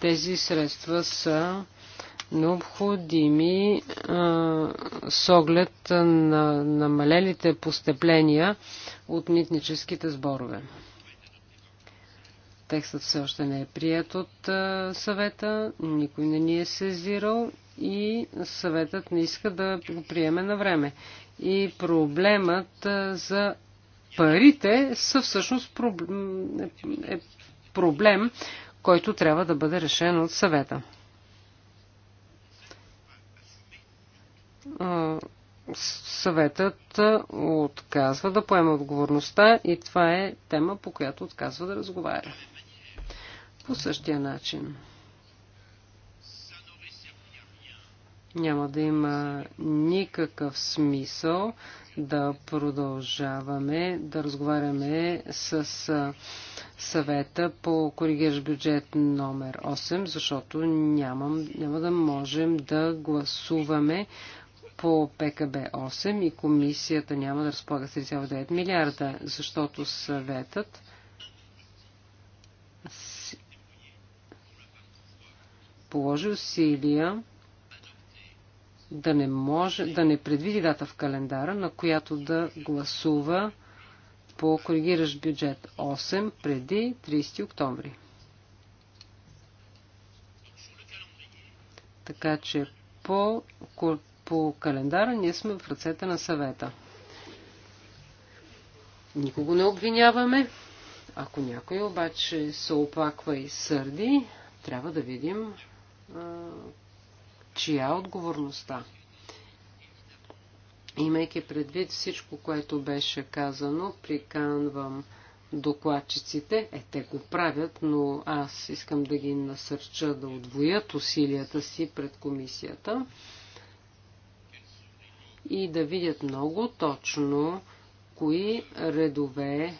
Тези средства са необходими а, с оглед на намалелите постъпления от митническите сборове. Текстът все още не е прият от а, съвета, никой не ни е сезирал и съветът не иска да го приеме на време. И проблемът а, за парите са всъщност проблем, е, е проблем, който трябва да бъде решен от съвета. съветът отказва да поема отговорността и това е тема, по която отказва да разговаря. По същия начин. Няма да има никакъв смисъл да продължаваме да разговаряме с съвета по коригираш бюджет номер 8, защото нямам, няма да можем да гласуваме по ПКБ 8 и комисията няма да разполага 3,9 милиарда, защото съветът положи усилия да не, може, да не предвиди дата в календара, на която да гласува по коригиращ бюджет 8 преди 30 октомври. Така че по по календара, ние сме в ръцете на съвета. Никого не обвиняваме. Ако някой обаче се оплаква и сърди, трябва да видим а, чия е отговорността. Имайки предвид всичко, което беше казано, приканвам докладчиците. Е, те го правят, но аз искам да ги насърча да отвоят усилията си пред комисията и да видят много точно кои редове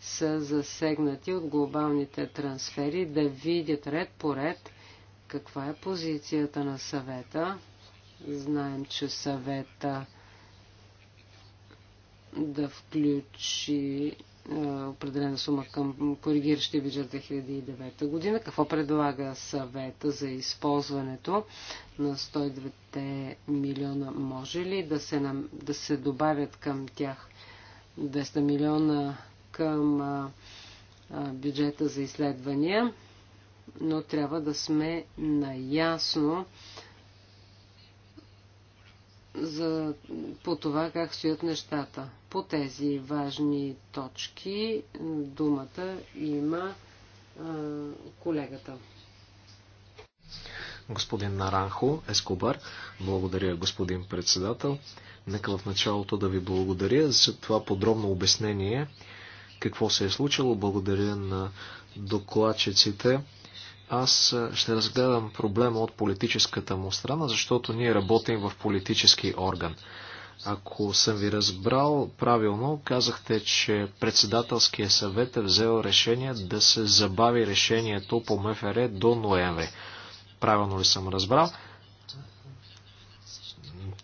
са засегнати от глобалните трансфери, да видят ред по ред каква е позицията на съвета. Знаем, че съвета да включи е, определена сума към коригиращия бюджет 2009 година. Какво предлага съвета за използването на 109 милиона? Може ли да се, нам... да се добавят към тях 200 милиона към а, а, бюджета за изследвания? Но трябва да сме наясно за, по това как стоят нещата. По тези важни точки думата има а, колегата. Господин Наранхо Ескобар, благодаря господин председател. Нека в началото да ви благодаря за това подробно обяснение какво се е случило. Благодаря на докладчиците. Аз е, ще разгледам проблема от политическата му страна, защото ние работим в политически орган. Ако съм ви разбрал правилно, казахте, че председателския съвет е взел решение да се забави решението по МФР до ноември. Правилно ли съм разбрал?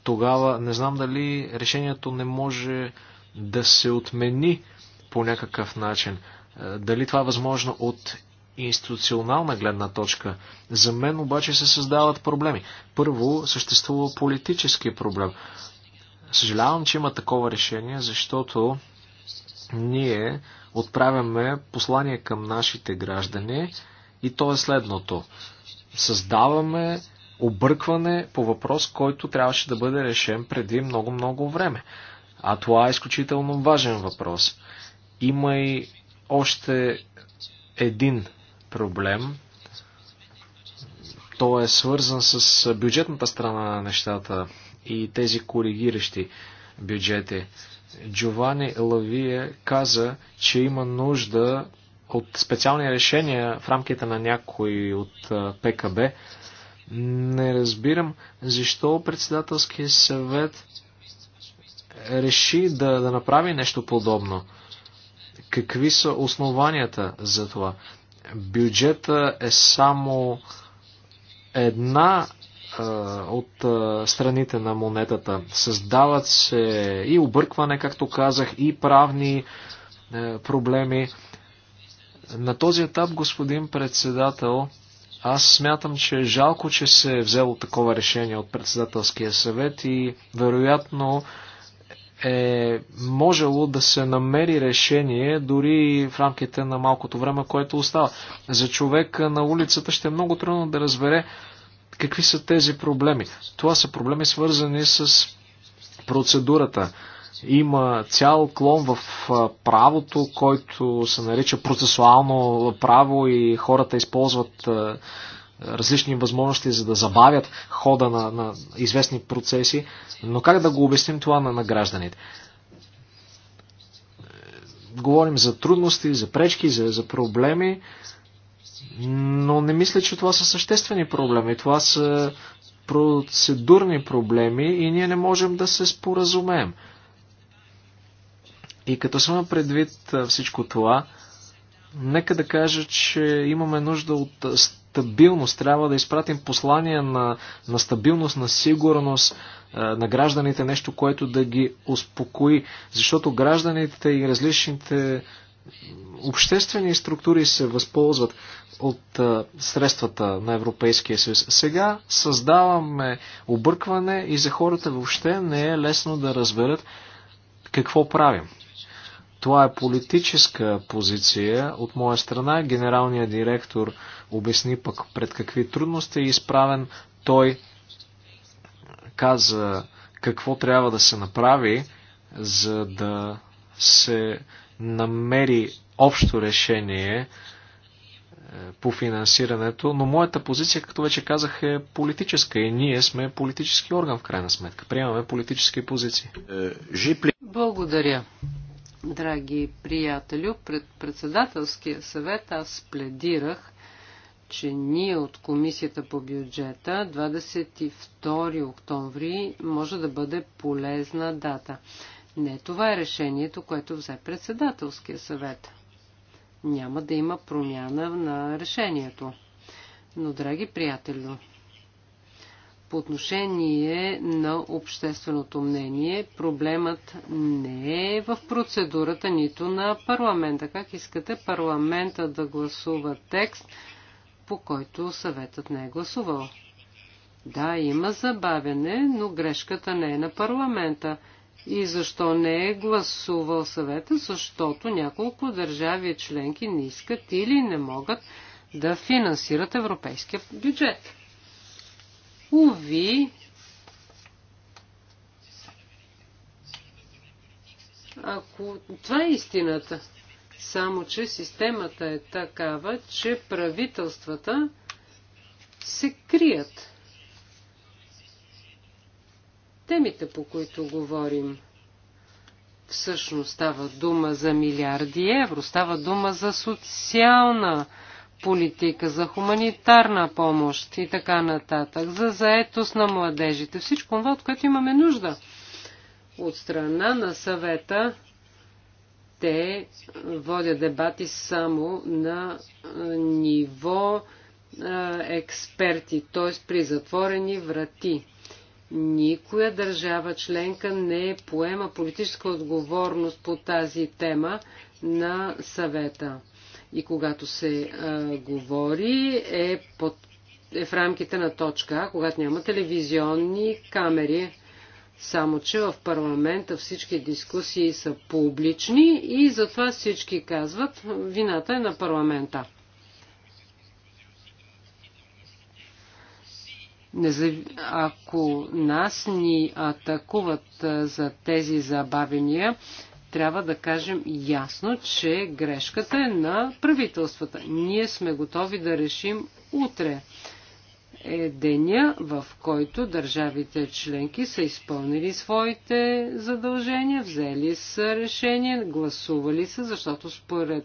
Тогава не знам дали решението не може да се отмени по някакъв начин. Е, дали това е възможно от институционална гледна точка. За мен обаче се създават проблеми. Първо, съществува политически проблем. Съжалявам, че има такова решение, защото ние отправяме послание към нашите граждани и то е следното. Създаваме объркване по въпрос, който трябваше да бъде решен преди много-много време. А това е изключително важен въпрос. Има и още един проблем. Той е свързан с бюджетната страна на нещата и тези коригиращи бюджети. Джовани Лавие каза, че има нужда от специални решения в рамките на някой от ПКБ. Не разбирам защо председателския съвет реши да, да направи нещо подобно. Какви са основанията за това? бюджета е само една от страните на монетата. Създават се и объркване, както казах, и правни проблеми. На този етап, господин председател, аз смятам, че е жалко, че се е взело такова решение от председателския съвет и вероятно е можело да се намери решение дори в рамките на малкото време, което остава. За човек на улицата ще е много трудно да разбере какви са тези проблеми. Това са проблеми свързани с процедурата. Има цял клон в правото, който се нарича процесуално право и хората използват различни възможности за да забавят хода на, на известни процеси, но как да го обясним това на, на гражданите? Е, говорим за трудности, за пречки, за, за проблеми, но не мисля, че това са съществени проблеми. Това са процедурни проблеми и ние не можем да се споразумеем. И като съм предвид всичко това, нека да кажа, че имаме нужда от стабилност. Трябва да изпратим послания на, на стабилност, на сигурност е, на гражданите, нещо, което да ги успокои. Защото гражданите и различните обществени структури се възползват от е, средствата на Европейския съюз. Сега създаваме объркване и за хората въобще не е лесно да разберат какво правим. Това е политическа позиция от моя страна. Генералният директор обясни пък пред какви трудности е изправен. Той каза какво трябва да се направи, за да се намери общо решение е, по финансирането, но моята позиция, като вече казах, е политическа и ние сме политически орган в крайна сметка. Приемаме политически позиции. Е, Благодаря. Драги приятели, пред председателския съвет аз пледирах, че ние от Комисията по бюджета 22 октомври може да бъде полезна дата. Не това е решението, което взе председателския съвет. Няма да има промяна на решението. Но, драги приятели, по отношение на общественото мнение, проблемът не е в процедурата нито на парламента. Как искате парламента да гласува текст, по който съветът не е гласувал? Да, има забавяне, но грешката не е на парламента. И защо не е гласувал съвета? Защото няколко държави членки не искат или не могат да финансират европейския бюджет. Уви, ако това е истината, само че системата е такава, че правителствата се крият. Темите, по които говорим, всъщност става дума за милиарди евро, става дума за социална политика за хуманитарна помощ и така нататък, за заетост на младежите. Всичко това, от което имаме нужда. От страна на съвета те водят дебати само на ниво експерти, т.е. при затворени врати. Никоя държава членка не поема политическа отговорност по тази тема на съвета и когато се а, говори е, под, е в рамките на точка А, когато няма телевизионни камери. Само, че в парламента всички дискусии са публични и затова всички казват, вината е на парламента. Ако нас ни атакуват за тези забавения, трябва да кажем ясно, че грешката е на правителствата. Ние сме готови да решим утре е деня, в който държавите членки са изпълнили своите задължения, взели са решение, гласували са, защото според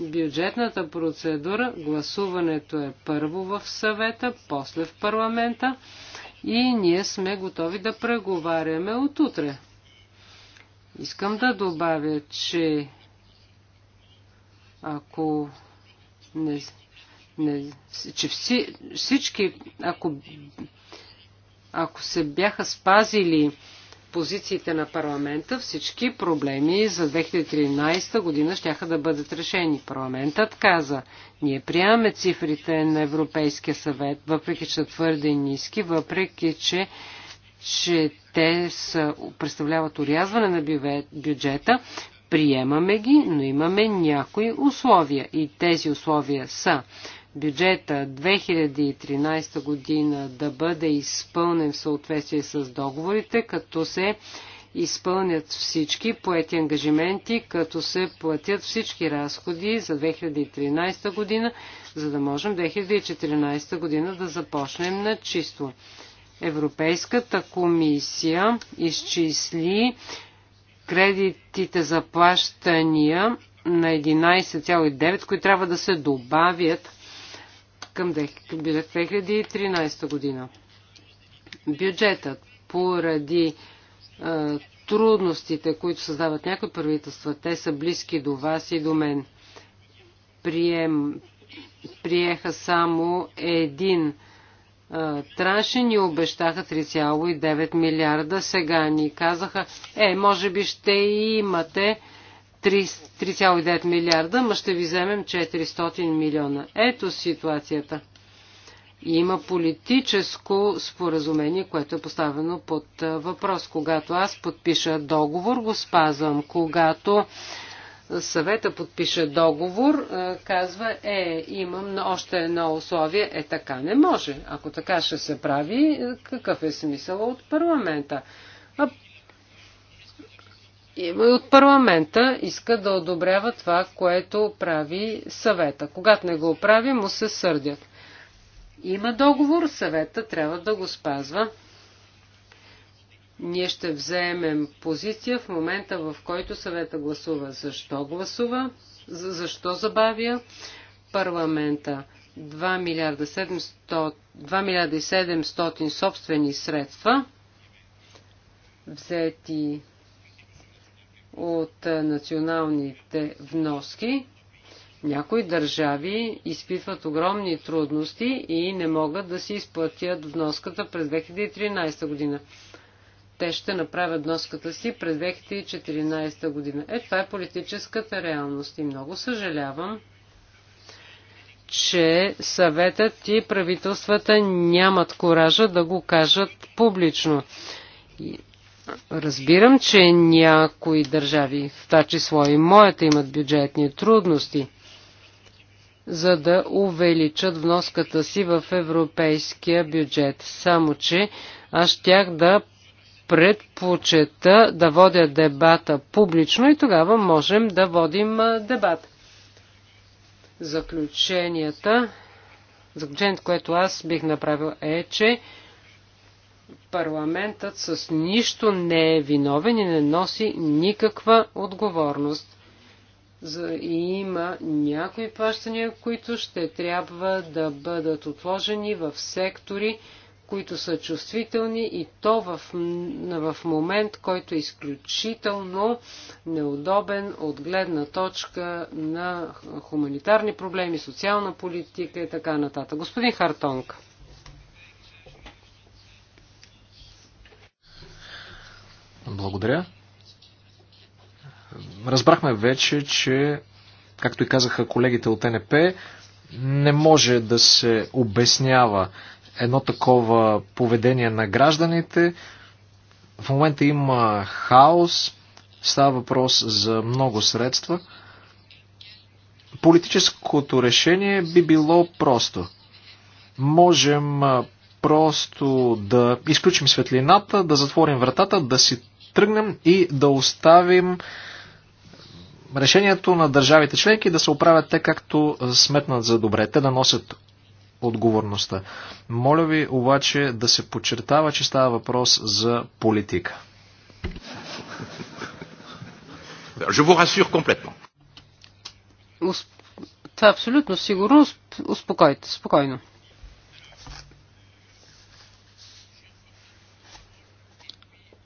бюджетната процедура гласуването е първо в съвета, после в парламента и ние сме готови да преговаряме от утре. Искам да добавя, че ако не, не, че вси, всички, ако, ако се бяха спазили позициите на парламента, всички проблеми за 2013 година ще да бъдат решени. Парламентът каза, ние приемаме цифрите на Европейския съвет, въпреки че твърде ниски, въпреки че че те са, представляват урязване на бюджета, приемаме ги, но имаме някои условия. И тези условия са бюджета 2013 година да бъде изпълнен в съответствие с договорите, като се изпълнят всички поети ангажименти, като се платят всички разходи за 2013 година, за да можем 2014 година да започнем на чисто. Европейската комисия изчисли кредитите за плащания на 11,9, които трябва да се добавят към 2013 година. Бюджетът поради е, трудностите, които създават някои правителства, те са близки до вас и до мен. Прием, приеха само един трябваше ни обещаха 3,9 милиарда. Сега ни казаха, е, може би ще имате 3,9 милиарда, ма ще ви вземем 400 милиона. Ето ситуацията. Има политическо споразумение, което е поставено под въпрос. Когато аз подпиша договор, го спазвам. Когато съвета подпише договор, е, казва, е, имам още едно условие, е така не може. Ако така ще се прави, е, какъв е смисъл от парламента? А... От парламента иска да одобрява това, което прави съвета. Когато не го прави, му се сърдят. Има договор, съвета трябва да го спазва. Ние ще вземем позиция в момента, в който съвета гласува. Защо гласува? Защо забавя парламента? 2 милиарда, 700, 2 милиарда и 700 собствени средства, взети от националните вноски. Някои държави изпитват огромни трудности и не могат да си изплатят вноската през 2013 година те ще направят вноската си през 2014 година. Е, това е политическата реалност и много съжалявам, че съветът и правителствата нямат коража да го кажат публично. Разбирам, че някои държави, в това число и моята, имат бюджетни трудности, за да увеличат вноската си в европейския бюджет. Само, че аз щях да предпочета да водя дебата публично и тогава можем да водим дебат. Заключенията, заключението, което аз бих направил е, че парламентът с нищо не е виновен и не носи никаква отговорност. За, и има някои плащания, които ще трябва да бъдат отложени в сектори, които са чувствителни и то в, в момент, който е изключително неудобен от гледна точка на хуманитарни проблеми, социална политика и така нататък. Господин Хартонг. Благодаря. Разбрахме вече, че, както и казаха колегите от НП, не може да се обяснява едно такова поведение на гражданите. В момента има хаос, става въпрос за много средства. Политическото решение би било просто. Можем просто да изключим светлината, да затворим вратата, да си тръгнем и да оставим решението на държавите членки да се оправят те както сметнат за добре. Те да носят отговорността. Моля ви обаче да се подчертава, че става въпрос за политика. Je vous rassure complètement. Това е абсолютно сигурно. Успокойте, спокойно.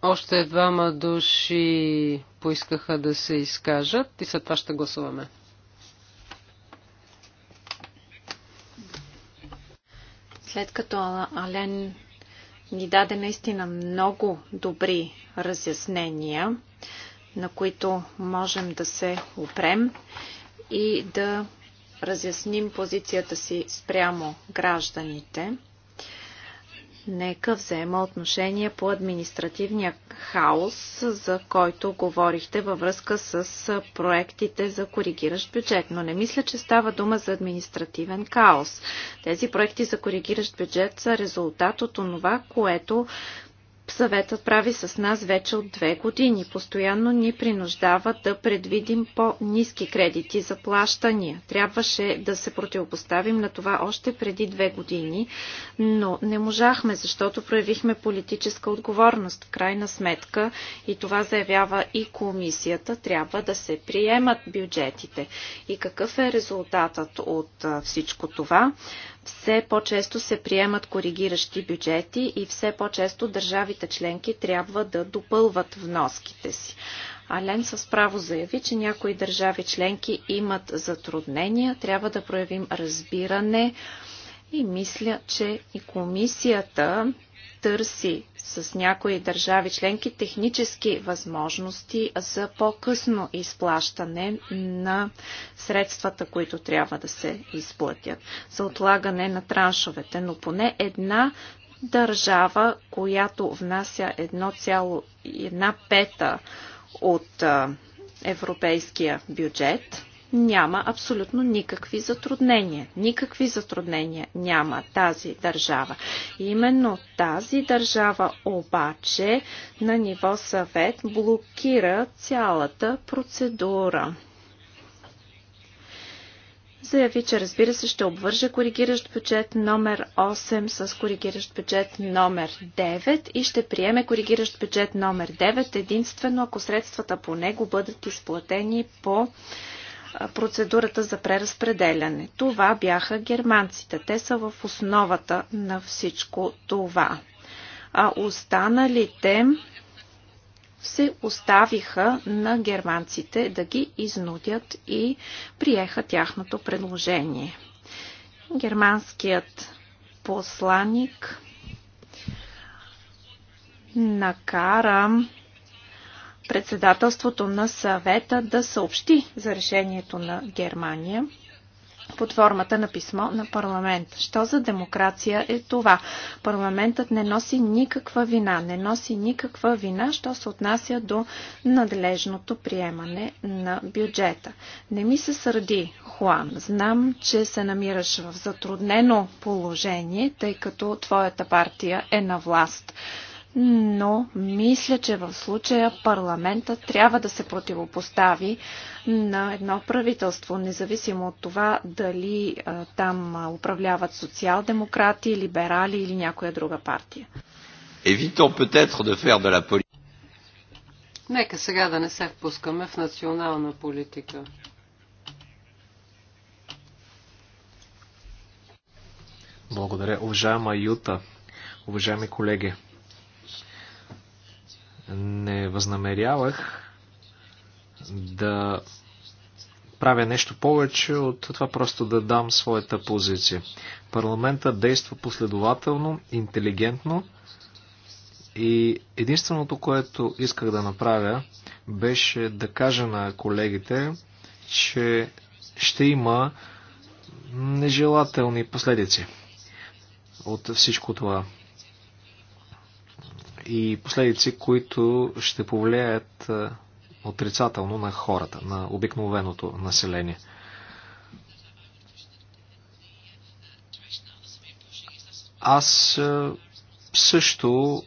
Още двама души поискаха да се изкажат и след това ще гласуваме. След като Ален ни даде наистина много добри разяснения, на които можем да се опрем и да разясним позицията си спрямо гражданите нека взема отношение по административния хаос, за който говорихте във връзка с проектите за коригиращ бюджет. Но не мисля, че става дума за административен хаос. Тези проекти за коригиращ бюджет са резултат от това, което съветът прави с нас вече от две години. Постоянно ни принуждава да предвидим по-низки кредити за плащания. Трябваше да се противопоставим на това още преди две години, но не можахме, защото проявихме политическа отговорност. В крайна сметка, и това заявява и комисията, трябва да се приемат бюджетите. И какъв е резултатът от всичко това? все по-често се приемат коригиращи бюджети и все по-често държавите членки трябва да допълват вноските си. Ален с право заяви, че някои държави членки имат затруднения, трябва да проявим разбиране и мисля, че и комисията търси с някои държави членки технически възможности за по-късно изплащане на средствата, които трябва да се изплатят, за отлагане на траншовете, но поне една държава, която внася 1,1 пета от европейския бюджет, няма абсолютно никакви затруднения. Никакви затруднения няма тази държава. Именно тази държава обаче на ниво съвет блокира цялата процедура. Заяви, че разбира се ще обвърже коригиращ бюджет номер 8 с коригиращ бюджет номер 9 и ще приеме коригиращ бюджет номер 9 единствено ако средствата по него бъдат изплатени по процедурата за преразпределяне. Това бяха германците. Те са в основата на всичко това. А останалите се оставиха на германците да ги изнудят и приеха тяхното предложение. Германският посланник накара председателството на съвета да съобщи за решението на Германия под формата на писмо на парламент. Що за демокрация е това? Парламентът не носи никаква вина, не носи никаква вина, що се отнася до надлежното приемане на бюджета. Не ми се сърди, Хуан. Знам, че се намираш в затруднено положение, тъй като твоята партия е на власт но мисля, че в случая парламента трябва да се противопостави на едно правителство, независимо от това дали там управляват социал-демократи, либерали или някоя друга партия. Évitons peut-être de faire de la politique. Нека сега да не се впускаме в национална политика. Благодаря, уважаема Юта, уважаеми колеги не възнамерявах да правя нещо повече от това просто да дам своята позиция. Парламента действа последователно, интелигентно и единственото, което исках да направя, беше да кажа на колегите, че ще има нежелателни последици от всичко това и последици, които ще повлияят отрицателно на хората, на обикновеното население. Аз също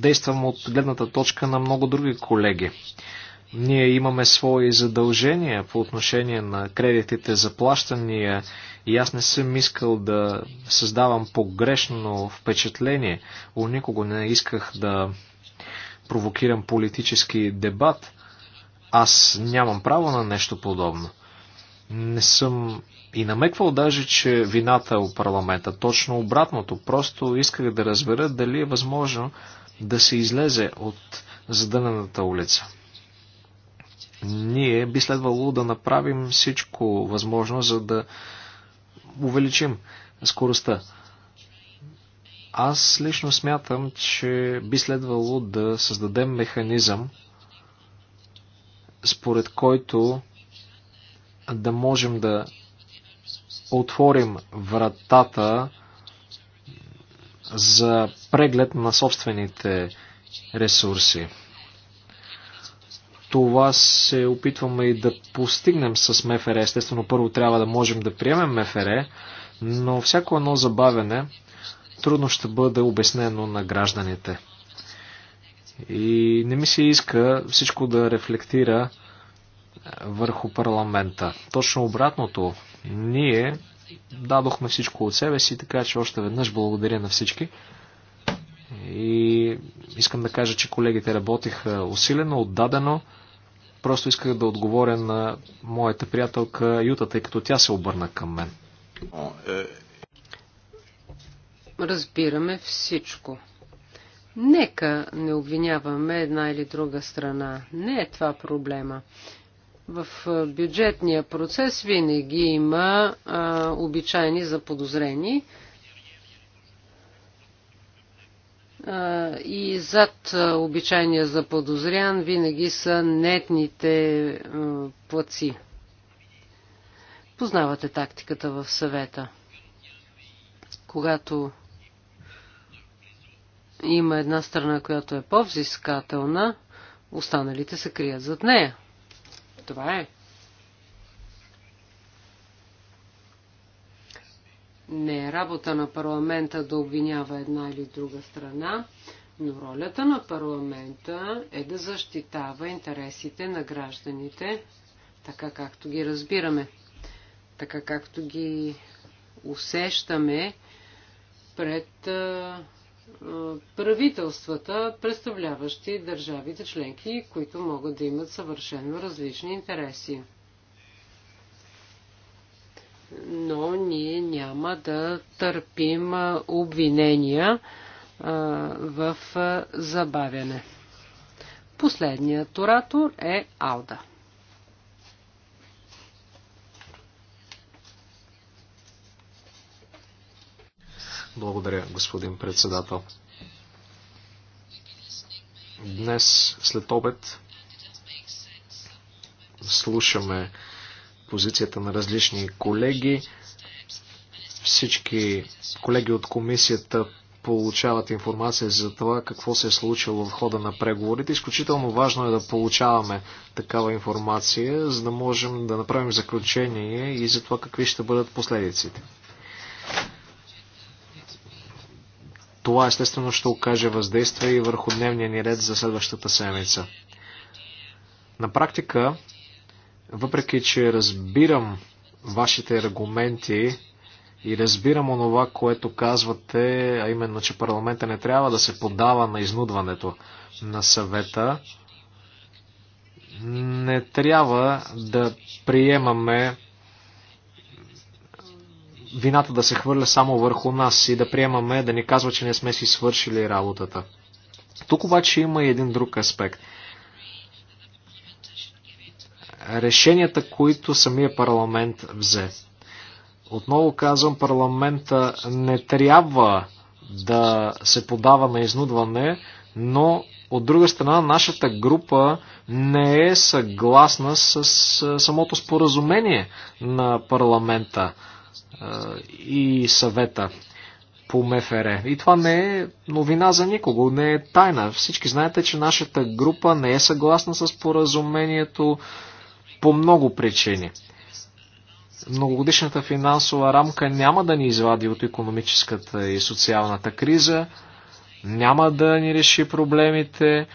действам от гледната точка на много други колеги. Ние имаме свои задължения по отношение на кредитите за плащания и аз не съм искал да създавам погрешно впечатление. У никого не исках да провокирам политически дебат. Аз нямам право на нещо подобно. Не съм и намеквал даже, че вината е у парламента. Точно обратното. Просто исках да разбера дали е възможно да се излезе от задънената улица. Ние би следвало да направим всичко възможно, за да увеличим скоростта. Аз лично смятам, че би следвало да създадем механизъм, според който да можем да отворим вратата за преглед на собствените ресурси това се опитваме и да постигнем с МФР. Естествено, първо трябва да можем да приемем МФР, но всяко едно забавене трудно ще бъде обяснено на гражданите. И не ми се иска всичко да рефлектира върху парламента. Точно обратното, ние дадохме всичко от себе си, така че още веднъж благодаря на всички. И искам да кажа, че колегите работиха усилено, отдадено. Просто исках да отговоря на моята приятелка Юта, тъй като тя се обърна към мен. Е. Разбираме всичко. Нека не обвиняваме една или друга страна. Не е това проблема. В бюджетния процес винаги има а, обичайни заподозрени. и зад обичайния за подозрян винаги са нетните плаци. Познавате тактиката в съвета. Когато има една страна, която е по-взискателна, останалите се крият зад нея. Това е. Не е работа на парламента да обвинява една или друга страна, но ролята на парламента е да защитава интересите на гражданите, така както ги разбираме, така както ги усещаме пред правителствата, представляващи държавите членки, които могат да имат съвършено различни интереси но ние няма да търпим обвинения в забавяне. Последният оратор е Алда. Благодаря, господин председател. Днес след обед слушаме позицията на различни колеги. Всички колеги от комисията получават информация за това какво се е случило в хода на преговорите. Изключително важно е да получаваме такава информация, за да можем да направим заключение и за това какви ще бъдат последиците. Това естествено ще окаже въздействие и върху дневния ни ред за следващата седмица. На практика въпреки, че разбирам вашите аргументи и разбирам онова, което казвате, а именно, че парламента не трябва да се подава на изнудването на съвета, не трябва да приемаме вината да се хвърля само върху нас и да приемаме да ни казва, че не сме си свършили работата. Тук обаче има и един друг аспект – решенията, които самия парламент взе. Отново казвам, парламента не трябва да се подава на изнудване, но от друга страна нашата група не е съгласна с самото споразумение на парламента и съвета по МФР. И това не е новина за никого, не е тайна. Всички знаете, че нашата група не е съгласна с споразумението по много причини. Многогодишната финансова рамка няма да ни извади от економическата и социалната криза, няма да ни реши проблемите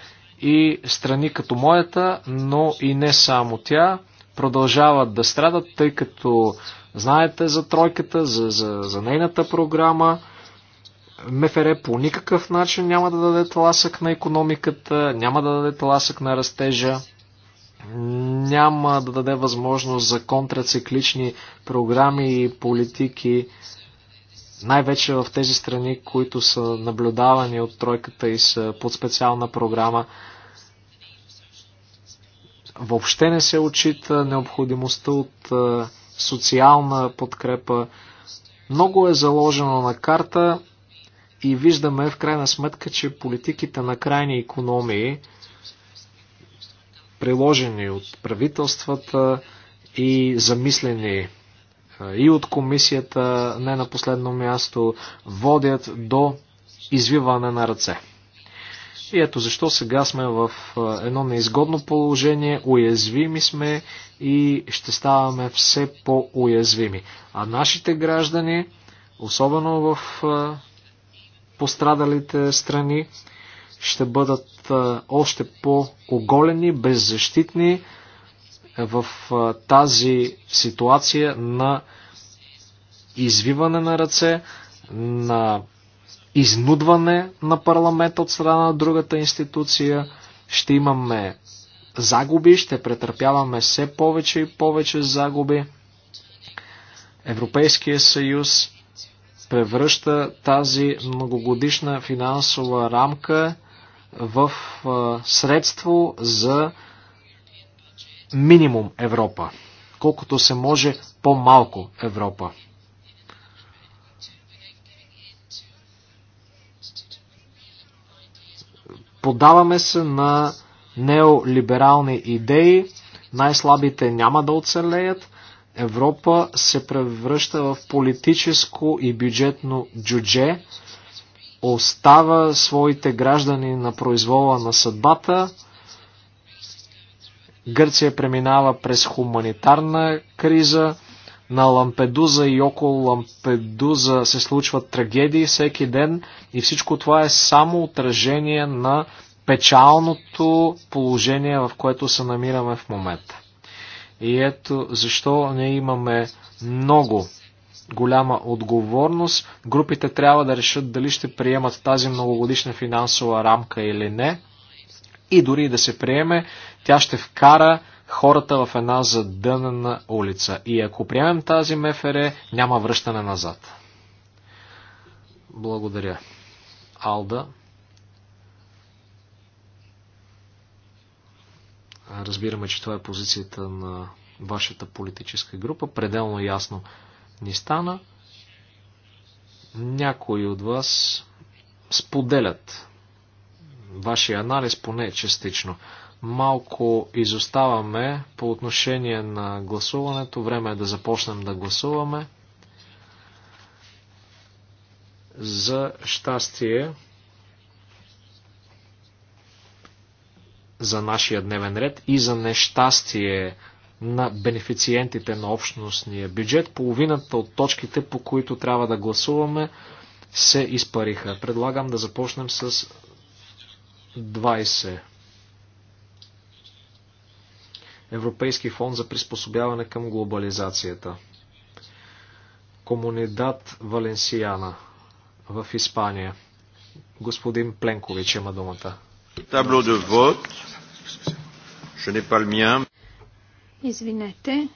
и страни като моята, но и не само тя, продължават да страдат, тъй като знаете за тройката, за, за, за нейната програма. МФР е по никакъв начин няма да даде тласък на економиката, няма да даде тласък на растежа няма да даде възможност за контрациклични програми и политики, най-вече в тези страни, които са наблюдавани от тройката и са под специална програма. Въобще не се очита необходимостта от социална подкрепа. Много е заложено на карта и виждаме в крайна сметка, че политиките на крайни економии – приложени от правителствата и замислени и от комисията, не на последно място, водят до извиване на ръце. И ето защо сега сме в едно неизгодно положение, уязвими сме и ще ставаме все по-уязвими. А нашите граждани, особено в пострадалите страни, ще бъдат още по-оголени, беззащитни в тази ситуация на извиване на ръце, на изнудване на парламента от страна на другата институция. Ще имаме загуби, ще претърпяваме все повече и повече загуби. Европейския съюз превръща тази многогодишна финансова рамка в средство за минимум Европа. Колкото се може по-малко Европа. Подаваме се на неолиберални идеи, най-слабите няма да оцелеят, Европа се превръща в политическо и бюджетно джудже, остава своите граждани на произвола на съдбата. Гърция преминава през хуманитарна криза. На Лампедуза и около Лампедуза се случват трагедии всеки ден и всичко това е само отражение на печалното положение, в което се намираме в момента. И ето защо ние имаме много голяма отговорност. Групите трябва да решат дали ще приемат тази многогодишна финансова рамка или не. И дори да се приеме, тя ще вкара хората в една задънена улица. И ако приемем тази МФР, няма връщане назад. Благодаря. Алда. Разбираме, че това е позицията на вашата политическа група. Пределно ясно ни стана. Някои от вас споделят вашия анализ, поне частично. Малко изоставаме по отношение на гласуването. Време е да започнем да гласуваме. За щастие, за нашия дневен ред и за нещастие на бенефициентите на общностния бюджет. Половината от точките, по които трябва да гласуваме, се изпариха. Предлагам да започнем с 20. Европейски фонд за приспособяване към глобализацията. Комунидат Валенсияна в Испания. Господин Пленкович има думата. Табло де вод. Je n'ai pas le mien. Извинете.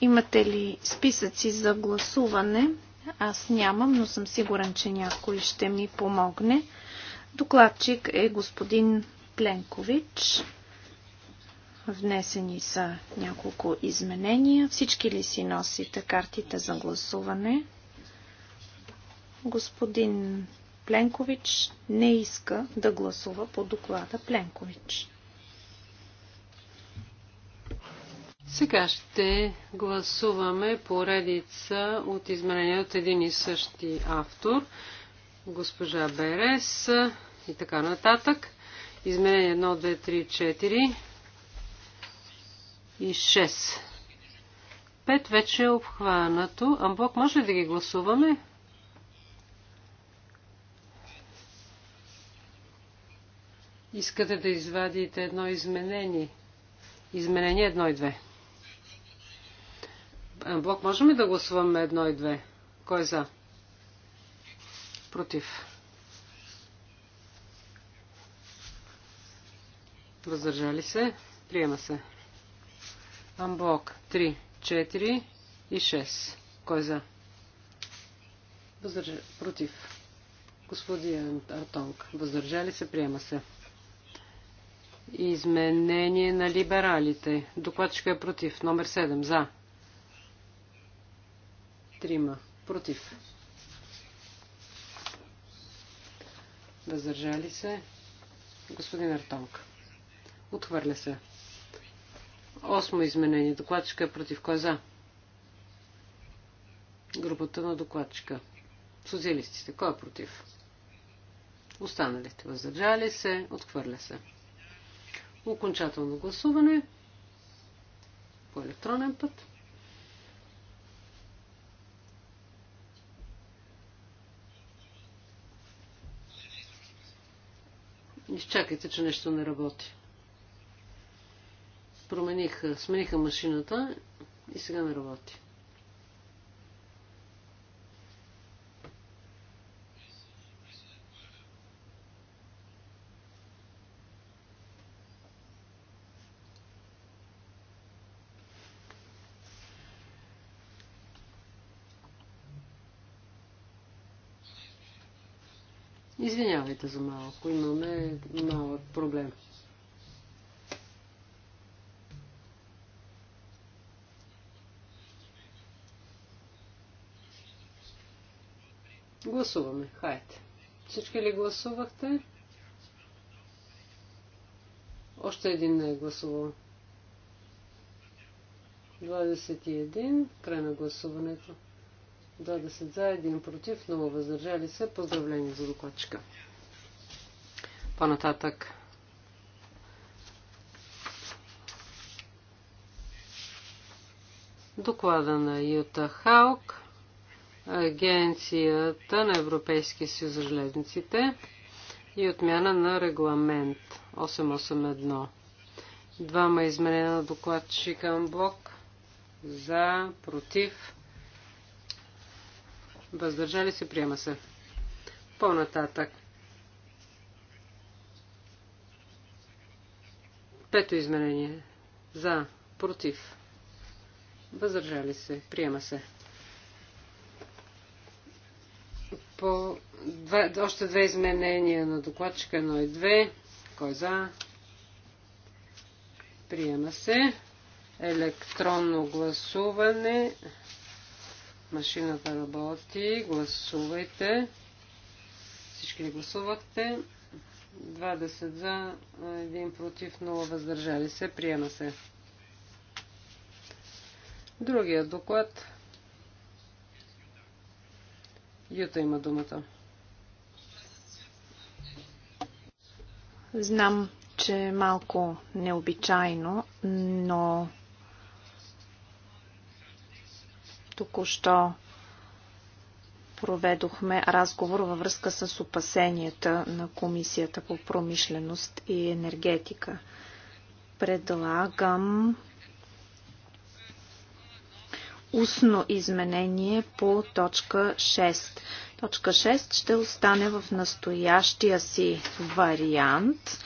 Имате ли списъци за гласуване? Аз нямам, но съм сигурен, че някой ще ми помогне. Докладчик е господин Пленкович. Внесени са няколко изменения. Всички ли си носите картите за гласуване? Господин Пленкович не иска да гласува по доклада Пленкович. Сега ще гласуваме поредица от изменения от един и същи автор, госпожа Берес и така нататък. Изменение 1, 2, 3, 4 и 6. 5 вече е обхванато. Амбок, може ли да ги гласуваме? Искате да извадите едно изменение. Изменение 1 и 2. Блок можем ли да гласуваме едно и две? Кой е за? Против. Въздържали се. Приема се. Амблок 3, 4 и 6. Кой е за? Въздържа... Против. Господин Артонг. Въздържали се. Приема се. Изменение на либералите. Докладчика е против. Номер 7. За. Трима. Против. Въздържали се. Господин Артонг. Отхвърля се. Осмо изменение. Докладчика е против кой е за? Групата на докладчика. Социалистите. Кой е против? Останалите. Въздържали се. Отхвърля се. Окончателно гласуване по електронен път. Изчакайте, че нещо не работи. Промениха, смениха машината и сега не работи. Извинявайте за малко, имаме малък проблем. Гласуваме. Хайде. Всички ли гласувахте? Още един не е гласувал. 21. Край на гласуването. 20 за, 1 против, 0 въздържали се. Поздравление за докладчика. По-нататък. Доклада на Юта Халк, Агенцията на Европейския съюз за железниците и отмяна на регламент 881. Двама изменена докладчика блок за, против, Въздържали се, приема се. По-нататък. Пето изменение. За, против. Въздържали се, приема се. По два, още две изменения на докладчика 1 и 2. Кой за? Приема се. Електронно гласуване. Машината работи. Гласувайте. Всички ли гласувахте? 20 за, 1 против, 0 въздържали се. Приема се. Другия доклад. Юта има думата. Знам, че е малко необичайно, но Току-що проведохме разговор във връзка с опасенията на Комисията по промишленост и енергетика. Предлагам устно изменение по точка 6. Точка 6 ще остане в настоящия си вариант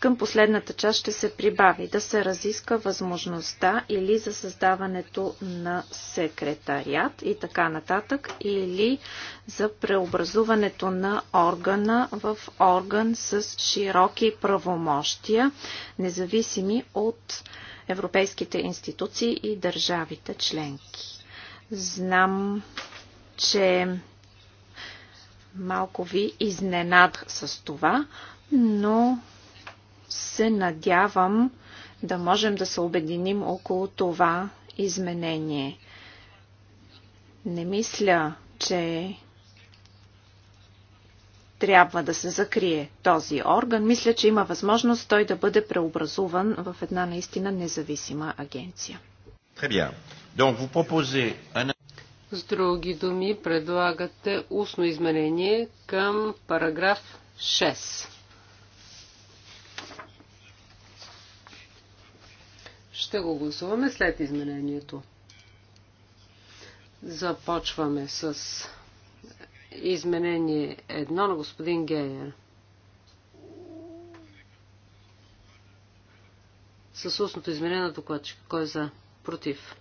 към последната част ще се прибави да се разиска възможността или за създаването на секретариат и така нататък, или за преобразуването на органа в орган с широки правомощия, независими от европейските институции и държавите членки. Знам, че малко ви изненадах с това, но се надявам да можем да се обединим около това изменение. Не мисля, че трябва да се закрие този орган. Мисля, че има възможност той да бъде преобразуван в една наистина независима агенция. С други думи, предлагате устно изменение към параграф 6. Ще го гласуваме след изменението. Започваме с изменение 1 на господин Гейер. С устното изменение на докладчика. Кой е за? Против.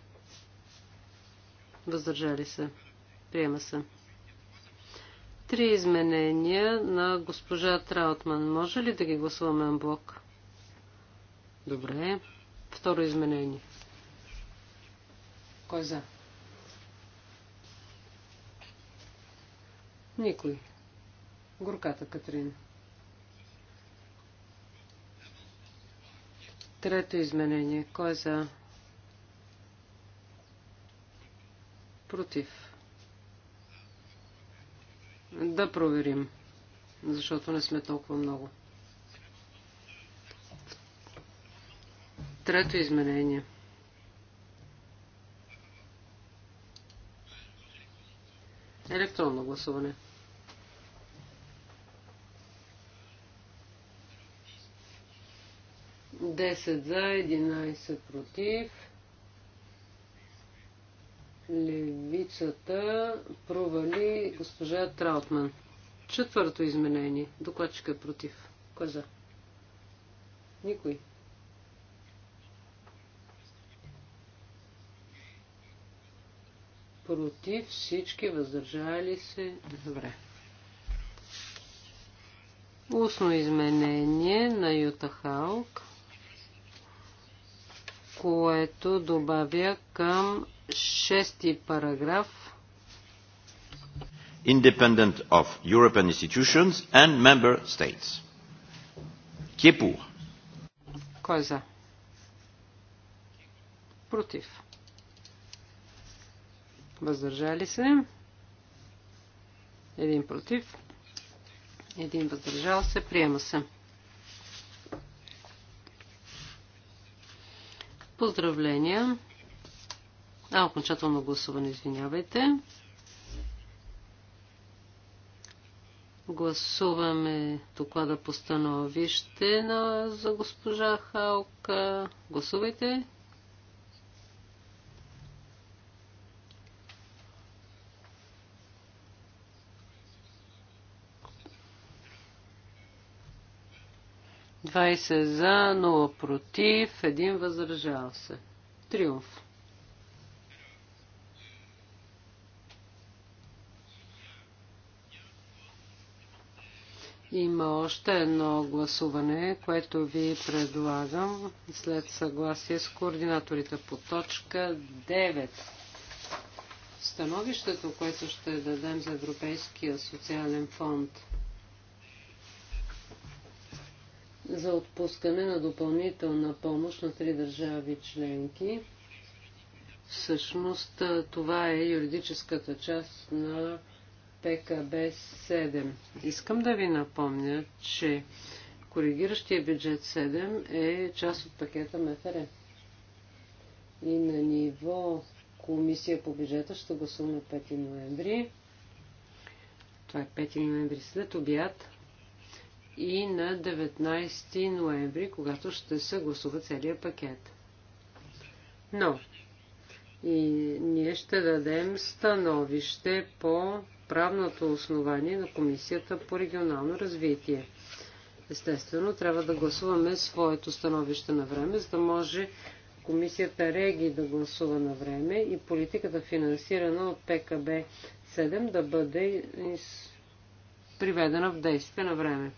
Въздържали се. Приема се. Три изменения на госпожа Траутман. Може ли да ги гласуваме на блок? Добре. Второ изменение. Кой е за? Никой. Горката Катрина. Трето изменение. Кой е за? Против. Да проверим, защото не сме толкова много. Трето изменение. Електронно гласуване. Десет за, единайсет против. Левицата провали госпожа Траутман. Четвърто изменение. Докладчика е против. Кой е за? Никой. против, всички, въздържали се, добре. Устно изменение на Юта Халк, което добавя към шести параграф. Independent of European institutions and member states. Qui е Кой е за? Против въздържали се, един против, един въздържал се, приема се. Поздравления. А, окончателно гласуване, извинявайте. Гласуваме доклада по становище на, за госпожа Халка. Гласувайте. 20 за, 0 против, 1 въздържал се. Триумф. Има още едно гласуване, което ви предлагам след съгласие с координаторите по точка 9. Становището, което ще дадем за Европейския социален фонд – за отпускане на допълнителна помощ на три държави членки. Всъщност това е юридическата част на ПКБ 7. Искам да ви напомня, че коригиращия бюджет 7 е част от пакета МФР. И на ниво комисия по бюджета ще гласуваме 5 ноември. Това е 5 ноември след обяд и на 19 ноември, когато ще се гласува целият пакет. Но и ние ще дадем становище по правното основание на Комисията по регионално развитие. Естествено, трябва да гласуваме своето становище на време, за да може Комисията Реги да гласува на време и политиката финансирана от ПКБ 7 да бъде приведена в действие на време.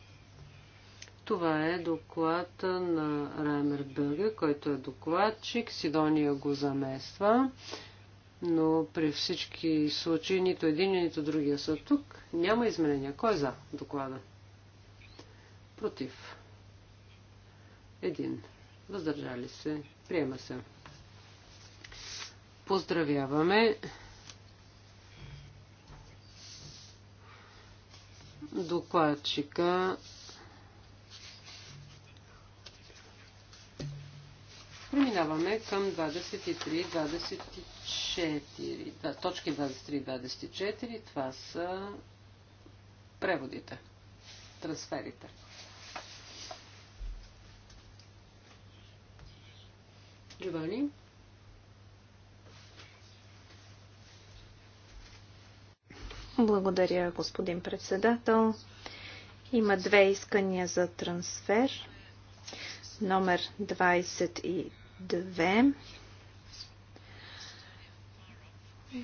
Това е доклад на Раймер Бъргер, който е докладчик. Сидония го замества. Но при всички случаи нито един, нито другия са тук. Няма изменения. Кой е за доклада? Против. Един. Въздържали се. Приема се. Поздравяваме. Докладчика Преминаваме към 23-24. Да, точки 23-24. Това са преводите, трансферите. Джованни? Благодаря, господин председател. Има две искания за трансфер. Номер 23 2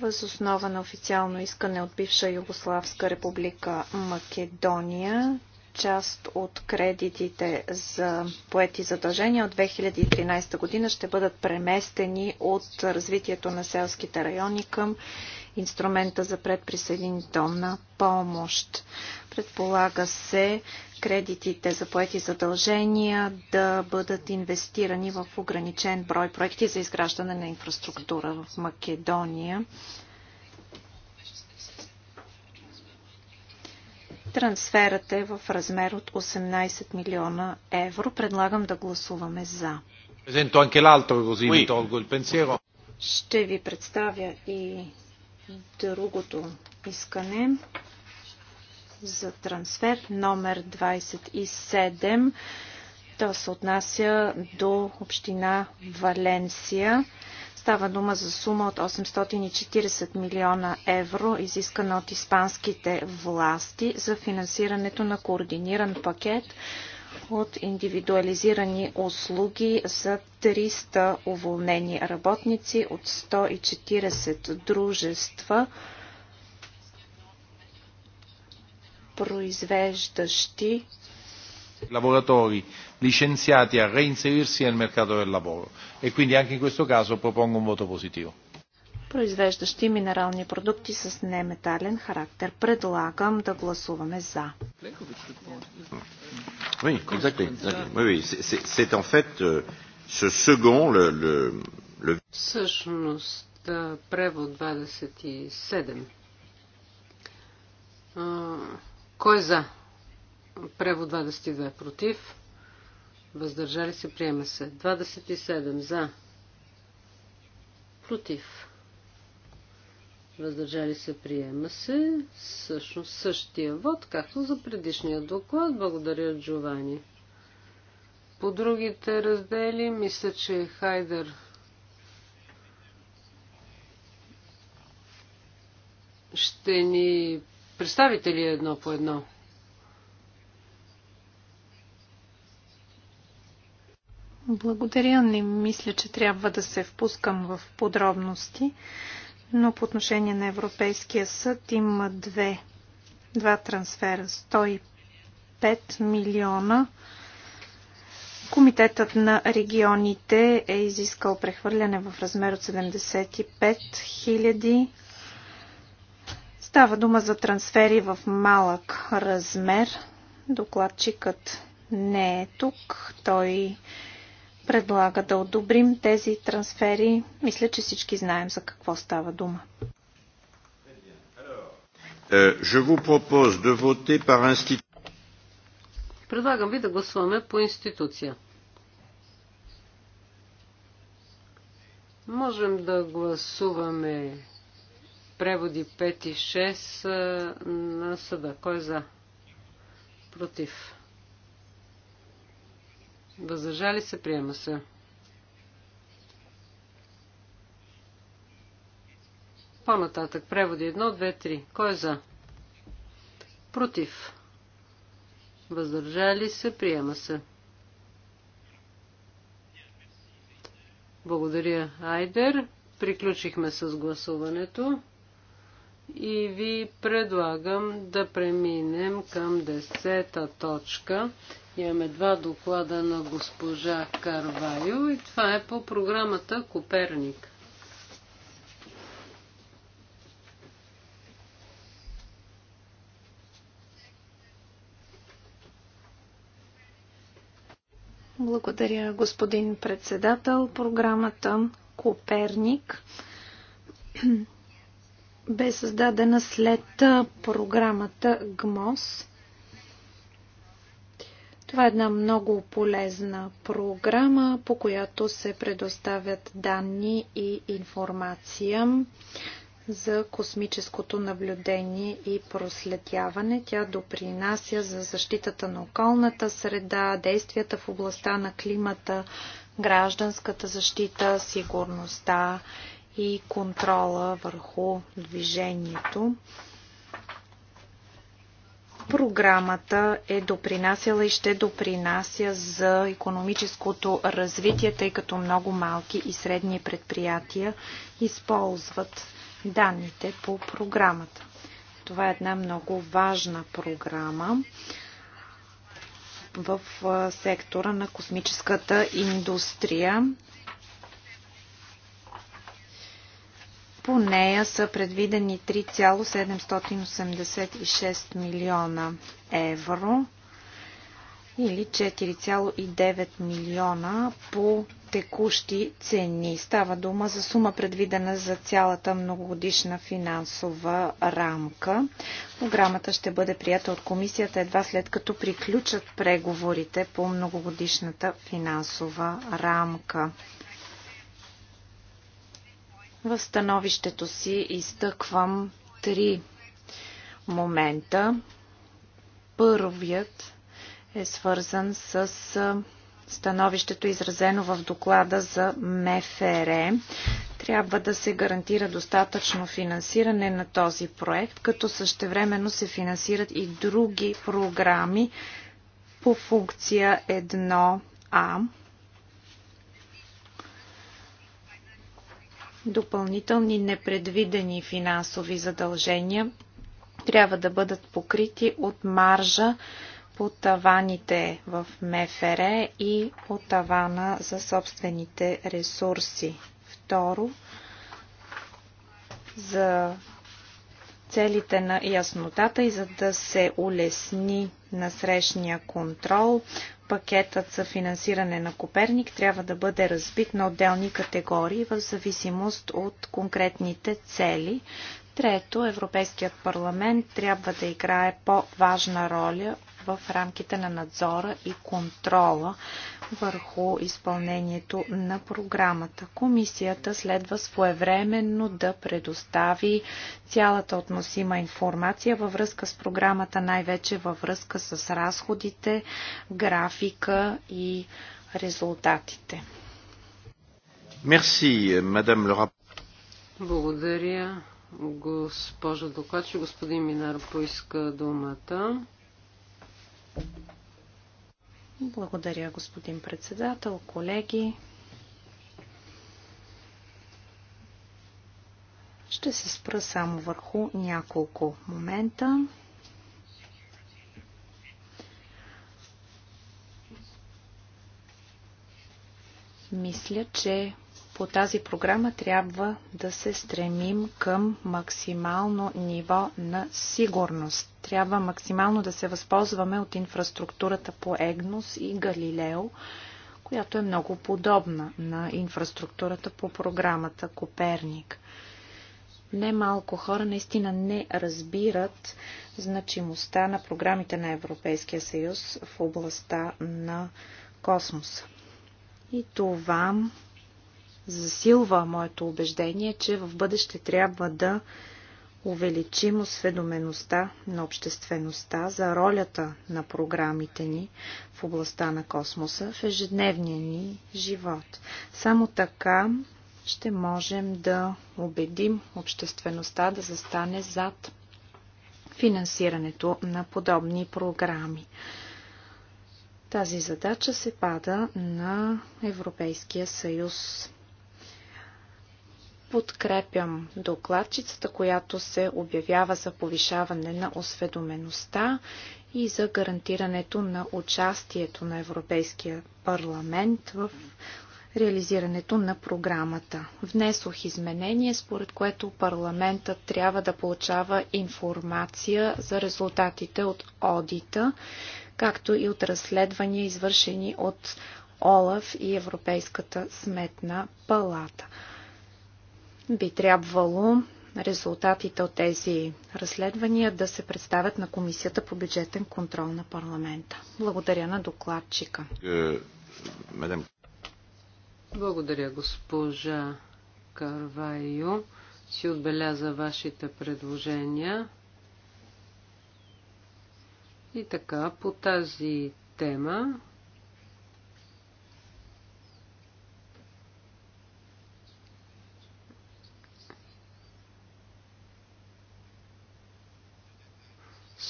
възоснова на официално искане от бивша Югославска република Македония част от кредитите за поети задължения от 2013 година ще бъдат преместени от развитието на селските райони към инструмента за предприсъединителна помощ. Предполага се кредитите за поети задължения да бъдат инвестирани в ограничен брой проекти за изграждане на инфраструктура в Македония. Трансферът е в размер от 18 милиона евро. Предлагам да гласуваме за. Ще ви представя и другото искане за трансфер номер 27. То се отнася до община Валенсия. Става дума за сума от 840 милиона евро, изискана от испанските власти за финансирането на координиран пакет от индивидуализирани услуги за 300 уволнени работници от 140 дружества, произвеждащи lavoratori licenziati a reinserirsi nel mercato del lavoro e quindi anche in questo caso propongo un voto positivo. Произвеждащи минерални продукти с неметален характер. Предлагам да гласуваме за. Oui, exactly, exactly. Oui, oui. C'est en fait ce second, le, le, le... Всъщност, превод 27. Кой за? Превод 22 против. Въздържали се, приема се. 27 за. Против. Въздържали се, приема се. Всъщност същия вод, както за предишния доклад. Благодаря, Джовани. По другите раздели, мисля, че Хайдер ще ни представите ли едно по едно? Благодаря. Не мисля, че трябва да се впускам в подробности, но по отношение на Европейския съд има две, два трансфера. 105 милиона. Комитетът на регионите е изискал прехвърляне в размер от 75 хиляди. Става дума за трансфери в малък размер. Докладчикът не е тук. Той предлага да одобрим тези трансфери. Мисля, че всички знаем за какво става дума. Е, Предлагам ви да гласуваме по институция. Можем да гласуваме преводи 5 и 6 е, на съда. Кой е за? Против. Въздържали се, приема се. По-нататък. Преводи 1, 2, 3. Кой е за? Против. Въздържали се, приема се. Благодаря, Айдер. Приключихме с гласуването и ви предлагам да преминем към 10 точка. Имаме два доклада на госпожа Карвайо и това е по програмата Коперник. Благодаря, господин председател. Програмата Коперник бе създадена след програмата ГМОС. Това е една много полезна програма, по която се предоставят данни и информация за космическото наблюдение и проследяване. Тя допринася за защитата на околната среда, действията в областта на климата, гражданската защита, сигурността и контрола върху движението. Програмата е допринасяла и ще допринася за економическото развитие, тъй като много малки и средни предприятия използват данните по програмата. Това е една много важна програма в сектора на космическата индустрия. По нея са предвидени 3,786 милиона евро или 4,9 милиона по текущи цени. Става дума за сума предвидена за цялата многогодишна финансова рамка. Програмата ще бъде прията от комисията едва след като приключат преговорите по многогодишната финансова рамка. В становището си изтъквам три момента. Първият е свързан с становището изразено в доклада за МФР. Трябва да се гарантира достатъчно финансиране на този проект, като същевременно се финансират и други програми по функция 1А, допълнителни непредвидени финансови задължения трябва да бъдат покрити от маржа по таваните в МФР и по тавана за собствените ресурси. Второ, за целите на яснотата и за да се улесни насрещния контрол, пакетът за финансиране на Коперник трябва да бъде разбит на отделни категории в зависимост от конкретните цели. Трето, Европейският парламент трябва да играе по-важна роля в рамките на надзора и контрола върху изпълнението на програмата. Комисията следва своевременно да предостави цялата относима информация във връзка с програмата, най-вече във връзка с разходите, графика и резултатите. Мерси, мадам Лора. Благодаря, госпожо Докладче. Господин Минар поиска думата. Благодаря, господин председател, колеги. Ще се спра само върху няколко момента. Мисля, че по тази програма трябва да се стремим към максимално ниво на сигурност. Трябва максимално да се възползваме от инфраструктурата по ЕГНОС и Галилео, която е много подобна на инфраструктурата по програмата Коперник. Немалко хора наистина не разбират значимостта на програмите на Европейския съюз в областта на космоса. И това засилва моето убеждение, че в бъдеще трябва да увеличим осведомеността на обществеността за ролята на програмите ни в областта на космоса в ежедневния ни живот. Само така ще можем да убедим обществеността да застане зад финансирането на подобни програми. Тази задача се пада на Европейския съюз подкрепям докладчицата, която се обявява за повишаване на осведомеността и за гарантирането на участието на Европейския парламент в реализирането на програмата. Внесох изменение, според което парламентът трябва да получава информация за резултатите от одита, както и от разследвания, извършени от ОЛАФ и Европейската сметна палата. Би трябвало резултатите от тези разследвания да се представят на Комисията по бюджетен контрол на парламента. Благодаря на докладчика. Е, Благодаря, госпожа Карвайо. Си отбеляза вашите предложения. И така, по тази тема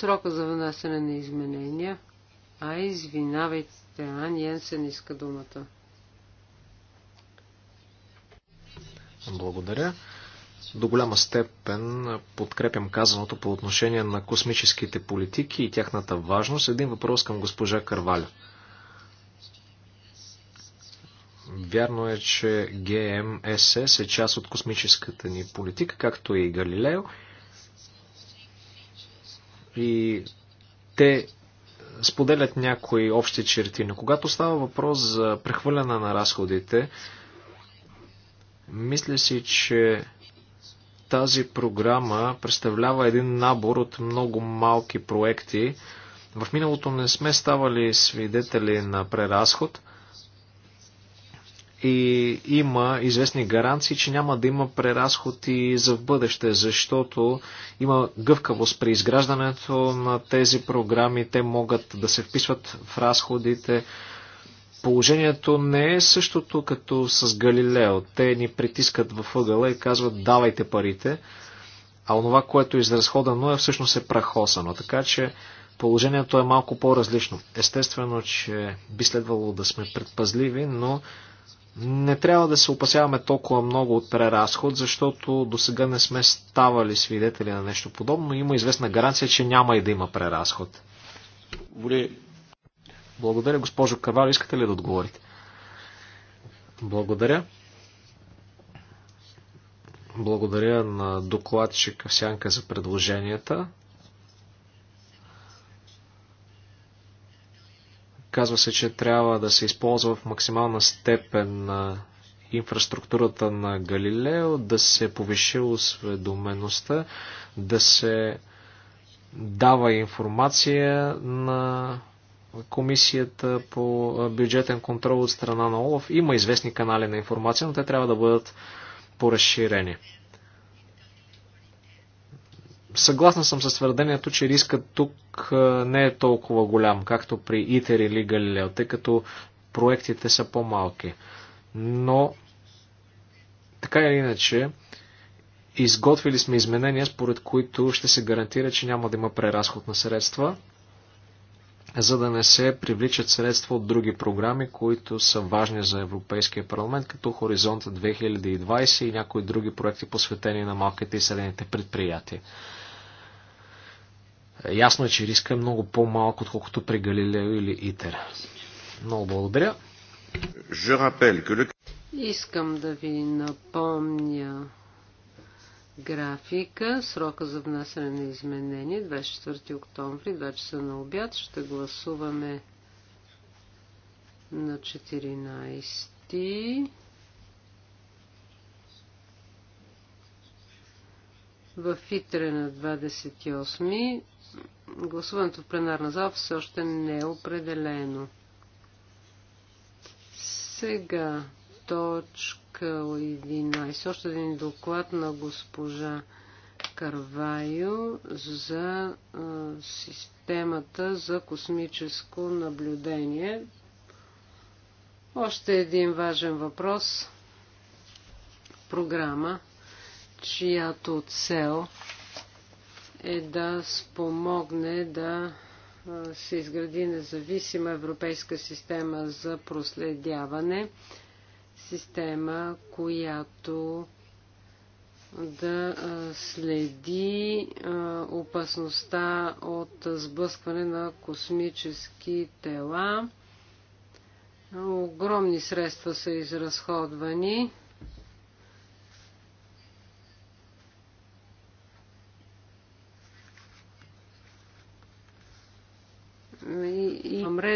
срока за внасяне на изменения. А, извинявайте, Ан Йенсен иска думата. Благодаря. До голяма степен подкрепям казаното по отношение на космическите политики и тяхната важност. Един въпрос към госпожа Карваля. Вярно е, че ГМСС е част от космическата ни политика, както и Галилео и те споделят някои общи черти, но когато става въпрос за прехвърляне на разходите, мисля си, че тази програма представлява един набор от много малки проекти. В миналото не сме ставали свидетели на преразход – и има известни гаранции, че няма да има преразход и за в бъдеще, защото има гъвкавост при изграждането на тези програми, те могат да се вписват в разходите. Положението не е същото като с Галилео. Те ни притискат във ъгъла и казват давайте парите, а онова, което е изразходено е всъщност е прахосано. Така че положението е малко по-различно. Естествено, че би следвало да сме предпазливи, но не трябва да се опасяваме толкова много от преразход, защото до сега не сме ставали свидетели на нещо подобно. Има известна гаранция, че няма и да има преразход. Благодаря, госпожо Кавал. Искате ли да отговорите? Благодаря. Благодаря на докладчика Сянка за предложенията. Казва се, че трябва да се използва в максимална степен на инфраструктурата на Галилео, да се повиши осведомеността, да се дава информация на комисията по бюджетен контрол от страна на ОЛАФ. Има известни канали на информация, но те трябва да бъдат поразширени. Съгласна съм с твърдението, че рискът тук не е толкова голям, както при ИТЕР или Галилео, тъй като проектите са по-малки. Но, така или иначе, изготвили сме изменения, според които ще се гарантира, че няма да има преразход на средства, за да не се привличат средства от други програми, които са важни за Европейския парламент, като Хоризонт 2020 и някои други проекти, посветени на малките и средните предприятия. Ясно е, че риска е много по-малък, отколкото при Галилео или Итер. Много благодаря. Искам да ви напомня графика, срока за внасяне на изменение 24 е октомври, 2 часа на обяд. Ще гласуваме на 14. В Итре на 28 гласуването в пленарна зала все още не е определено. Сега точка 11. Още един доклад на госпожа Карвайо за а, системата за космическо наблюдение. Още един важен въпрос. Програма, чиято цел е да спомогне да се изгради независима европейска система за проследяване, система, която да следи опасността от сблъскване на космически тела. Огромни средства са изразходвани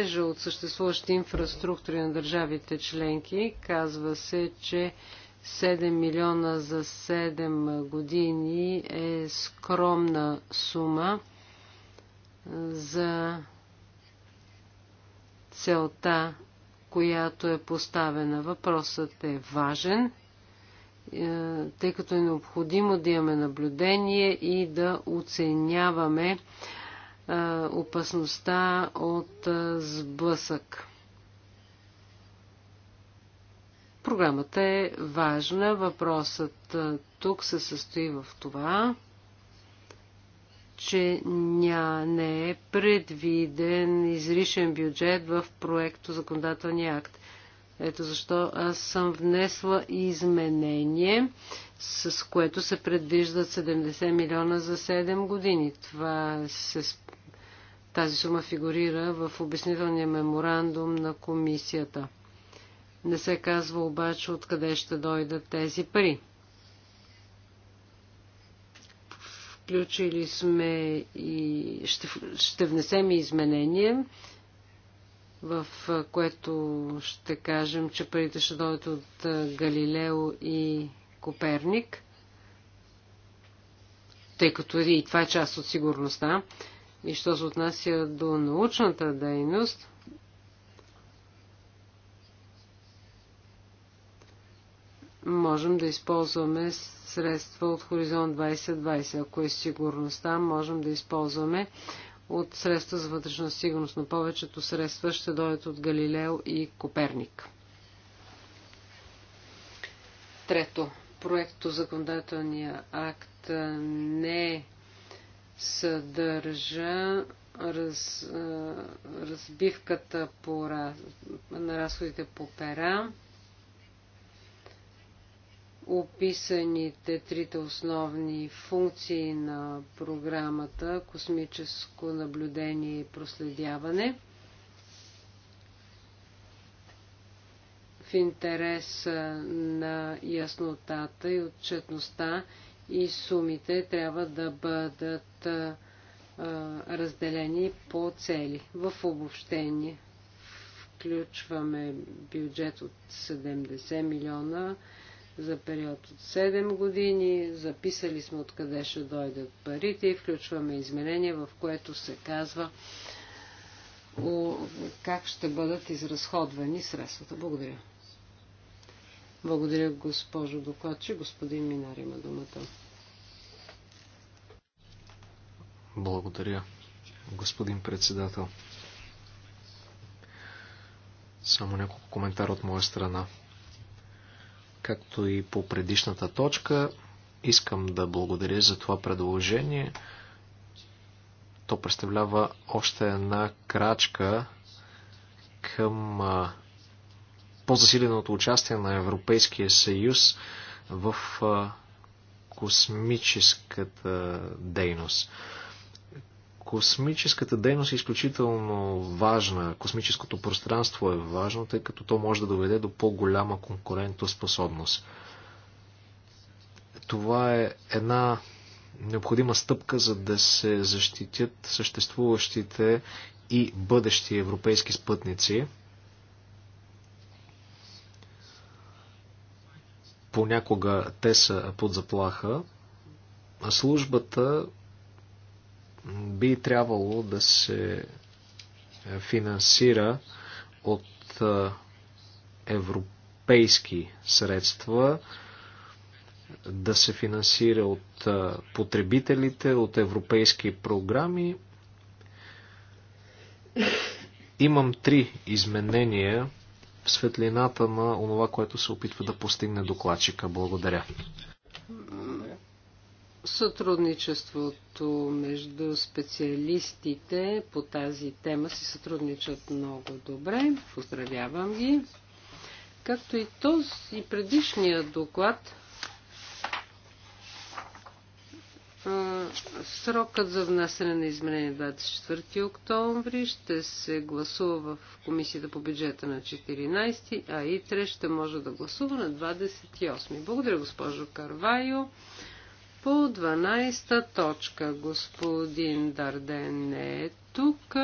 мрежа от съществуващи инфраструктури на държавите членки. Казва се, че 7 милиона за 7 години е скромна сума за целта, която е поставена. Въпросът е важен, е, тъй като е необходимо да имаме наблюдение и да оценяваме е, опасността от сблъсък. Програмата е важна. Въпросът тук се състои в това, че ня не е предвиден изричен бюджет в проекто законодателния акт. Ето защо аз съм внесла изменение, с което се предвиждат 70 милиона за 7 години. Това се тази сума фигурира в обяснителния меморандум на комисията. Не се казва обаче откъде ще дойдат тези пари. Включили сме и ще, ще внесем и изменение, в което ще кажем, че парите ще дойдат от Галилео и Коперник, тъй като и това е част от сигурността. И що се отнася до научната дейност, можем да използваме средства от Хоризонт 2020. Ако е сигурността, можем да използваме от средства за вътрешна сигурност, но повечето средства ще дойдат от Галилео и Коперник. Трето, проекто законодателния акт не е съдържа раз, разбивката по, на разходите по пера, описаните трите основни функции на програмата космическо наблюдение и проследяване. В интерес на яснотата и отчетността и сумите трябва да бъдат а, разделени по цели. В обобщение включваме бюджет от 70 милиона за период от 7 години. Записали сме откъде ще дойдат парите и включваме изменение, в което се казва как ще бъдат изразходвани средствата. Благодаря. Благодаря, госпожо докладче. Господин Минар има думата. Благодаря, господин председател. Само няколко коментара от моя страна. Както и по предишната точка, искам да благодаря за това предложение. То представлява още една крачка към по-засиленото участие на Европейския съюз в космическата дейност. Космическата дейност е изключително важна. Космическото пространство е важно, тъй като то може да доведе до по-голяма конкурентоспособност. Това е една необходима стъпка, за да се защитят съществуващите и бъдещи европейски спътници – понякога те са под заплаха, а службата би трябвало да се финансира от европейски средства, да се финансира от потребителите, от европейски програми. Имам три изменения светлината на онова, което се опитва да постигне докладчика. Благодаря. Сътрудничеството между специалистите по тази тема си сътрудничат много добре. Поздравявам ги. Както и този и предишния доклад, Срокът за внасяне на изменение 24 е октомври ще се гласува в комисията по бюджета на 14, а ИТРЕ ще може да гласува на 28. Благодаря, госпожо Карвайо. По 12 та точка господин Дарден не е тук,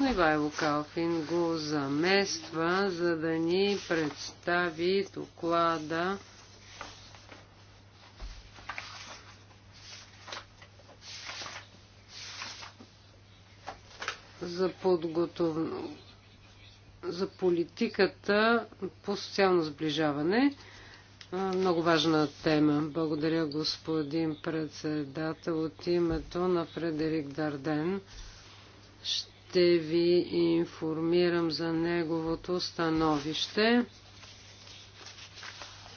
но Ивайло Калфин го замества, за да ни представи доклада за, подготов... за политиката по социално сближаване. Много важна тема. Благодаря, господин председател. От името на Фредерик Дарден ще ви информирам за неговото становище.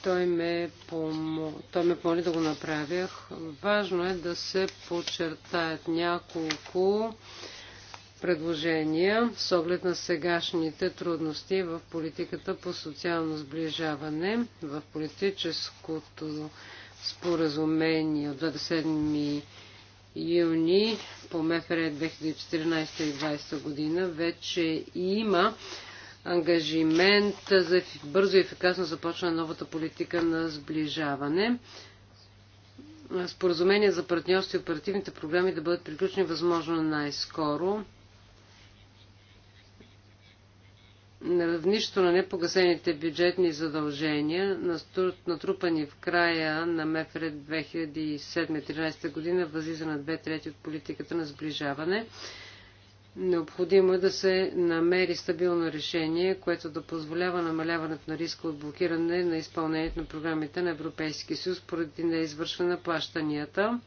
Той ме, помо... Той ме помоли да го направях. Важно е да се подчертаят няколко предложения с оглед на сегашните трудности в политиката по социално сближаване. В политическото споразумение от 27 юни по МФР 2014 и 2020 година вече има ангажимент за бързо и ефикасно на новата политика на сближаване. Споразумение за партньорство и оперативните програми да бъдат приключени възможно най-скоро. на равнището на непогасените бюджетни задължения, натрупани в края на МФР 2007-2013 година, възлиза на две трети от политиката на сближаване. Необходимо е да се намери стабилно решение, което да позволява намаляването на риска от блокиране на изпълнението на програмите на Европейския съюз поради неизвършване на плащанията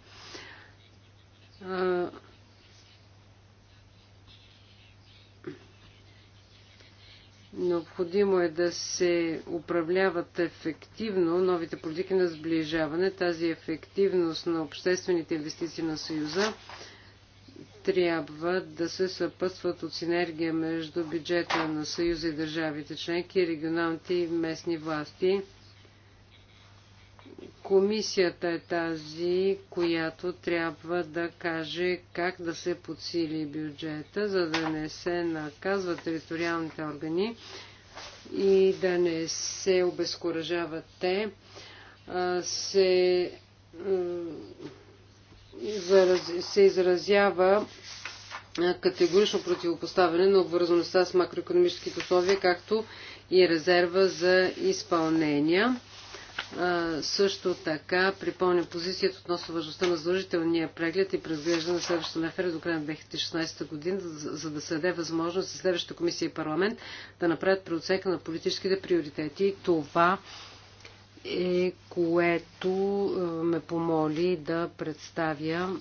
Необходимо е да се управляват ефективно новите политики на сближаване. Тази ефективност на обществените инвестиции на Съюза трябва да се съпътстват от синергия между бюджета на Съюза и държавите членки, регионалните и местни власти. Комисията е тази, която трябва да каже как да се подсили бюджета, за да не се наказват териториалните органи и да не се обезкуражават те. Се, се изразява категорично противопоставяне на обвързаността с макроекономическите условия, както и резерва за изпълнения. Също така припомня позицията относно важността на задължителния преглед и преглежда на следващата МФР до края на 2016 година, за да се даде възможност за следващата комисия и парламент да направят преоценка на политическите приоритети. Това е което ме помоли да представя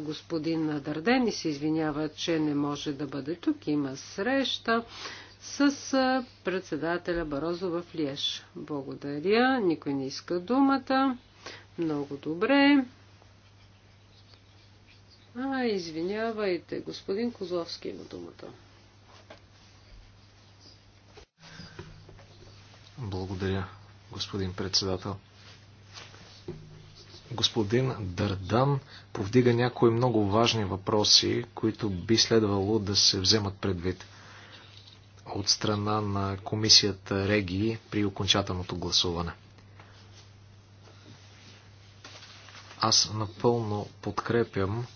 господин Дарден и се извинява, че не може да бъде тук. Има среща с председателя Барозо в Лиеш. Благодаря. Никой не иска думата. Много добре. А, извинявайте, господин Козловски има думата. Благодаря, господин председател. Господин Дърдан повдига някои много важни въпроси, които би следвало да се вземат предвид от страна на комисията Регии при окончателното гласуване. Аз напълно подкрепям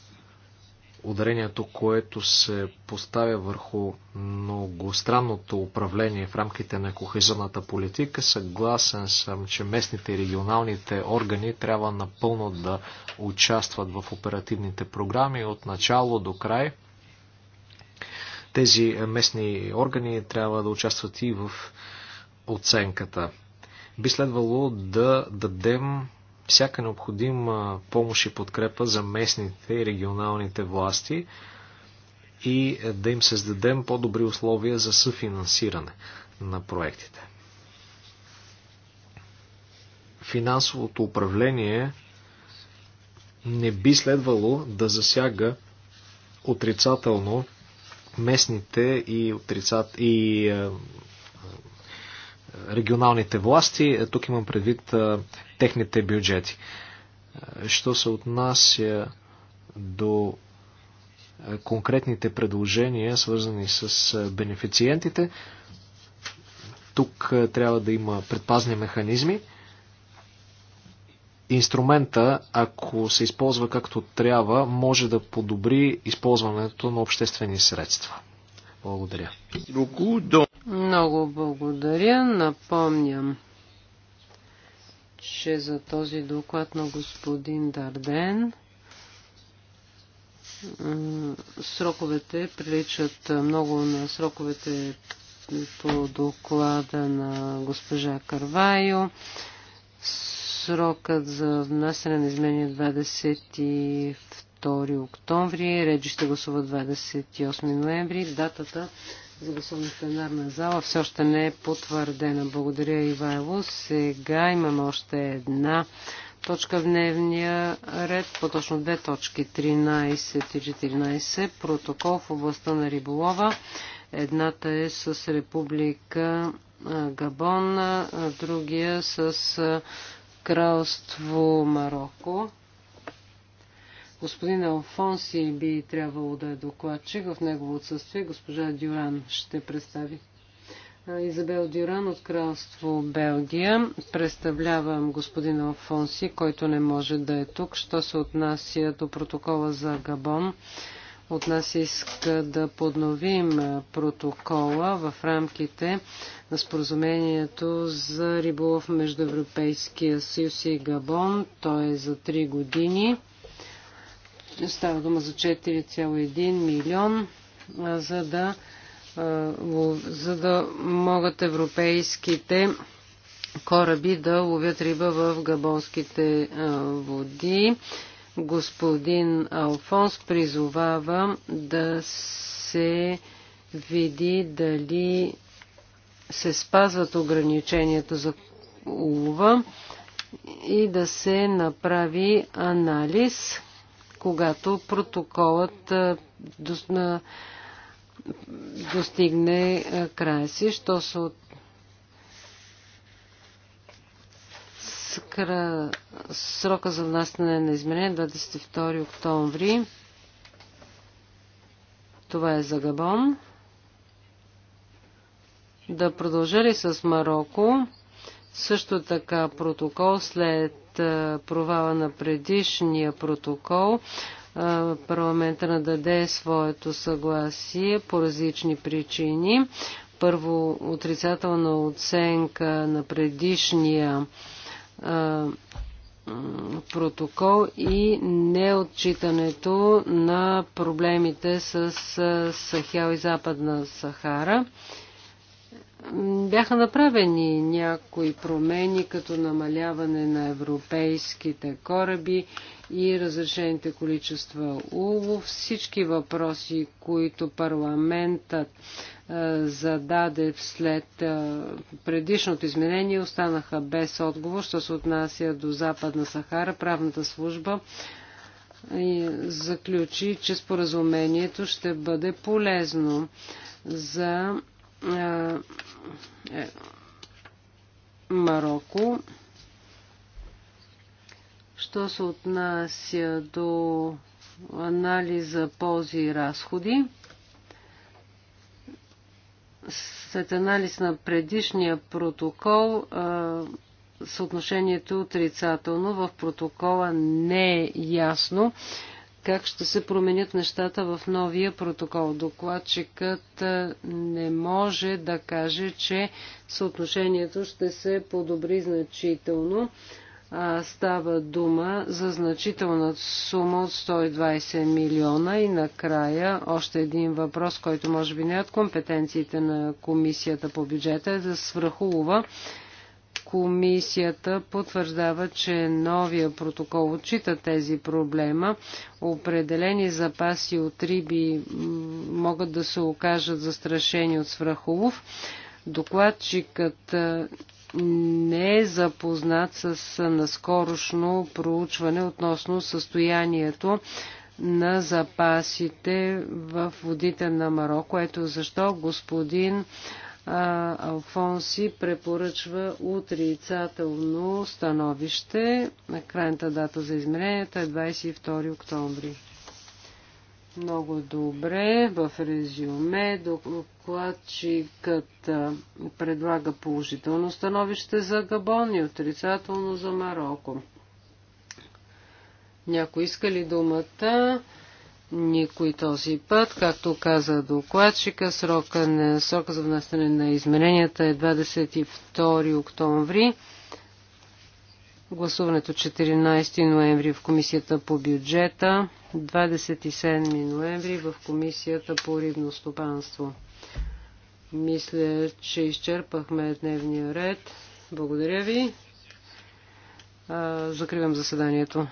ударението, което се поставя върху многостранното управление в рамките на кохезионната политика. Съгласен съм, че местните и регионалните органи трябва напълно да участват в оперативните програми от начало до край – тези е, местни органи трябва да участват и в оценката. Би следвало да дадем всяка необходима помощ и подкрепа за местните и регионалните власти и е, да им създадем по-добри условия за съфинансиране на проектите. Финансовото управление не би следвало да засяга отрицателно местните и, отрицат, и е, е регионалните власти. Е, тук имам предвид е, техните бюджети. Е, що се отнася до конкретните предложения, свързани с бенефициентите, тук трябва да има предпазни механизми. Инструмента, ако се използва както трябва, може да подобри използването на обществени средства. Благодаря. Много благодаря. Напомням, че за този доклад на господин Дарден сроковете приличат много на сроковете по доклада на госпожа Карвайо. Срокът за внасяне на изменение 22 октомври. Реджи ще гласува 28 ноември. Датата за гласуване в пленарна зала все още не е потвърдена. Благодаря, Ивайло. Сега имаме още една точка в дневния ред, по-точно две точки, 13 и 14, протокол в областта на риболова. Едната е с Република Габон, другия с кралство Марокко. Господин Алфонси би трябвало да е докладчик. В негово отсъствие госпожа Дюран ще представи. Изабел Дюран от Кралство Белгия. Представлявам господин Алфонси, който не може да е тук. Що се отнася до протокола за Габон? от нас иска да подновим протокола в рамките на споразумението за риболов между Европейския съюз и Габон. Той е за 3 години. Става дума за 4,1 милион, за да, за да могат европейските кораби да ловят риба в габонските води господин Алфонс призовава да се види дали се спазват ограниченията за улова и да се направи анализ, когато протоколът достигне края си, що се от скра... срока за внасяне на изменение 22 октомври. Това е за Габон. Да продължа ли с Марокко? Също така протокол след провала на предишния протокол. Парламента нададе своето съгласие по различни причини. Първо, отрицателна оценка на предишния протокол и неотчитането на проблемите с Сахел и Западна Сахара. Бяха направени някои промени, като намаляване на европейските кораби и разрешените количества улов. Всички въпроси, които парламентът е, зададе след е, предишното изменение, останаха без отговор, що се отнася до Западна Сахара. Правната служба заключи, че споразумението ще бъде полезно за е, Марокко. Що се отнася до анализа ползи и разходи, след анализ на предишния протокол съотношението е отрицателно. В протокола не е ясно как ще се променят нещата в новия протокол. Докладчикът не може да каже, че съотношението ще се подобри значително става дума за значителна сума от 120 милиона и накрая още един въпрос, който може би не е от компетенциите на комисията по бюджета е за да свръхулова. Комисията потвърждава, че новия протокол отчита тези проблема. Определени запаси от риби могат да се окажат застрашени от свръхулов. Докладчикът не е запознат с наскорошно проучване относно състоянието на запасите в водите на Марокко. Ето защо господин Алфонси препоръчва отрицателно становище. Крайната дата за измеренията е 22 октомври. Много добре. В резюме докладчикът предлага положително становище за Габон и отрицателно за Марокко. Някой иска ли думата? Никой този път, както каза докладчика, срока, на, срока за внасяне на измененията е 22 октомври. Гласуването 14 ноември в Комисията по бюджета, 27 ноември в Комисията по рибно стопанство. Мисля, че изчерпахме дневния ред. Благодаря ви. Закривам заседанието.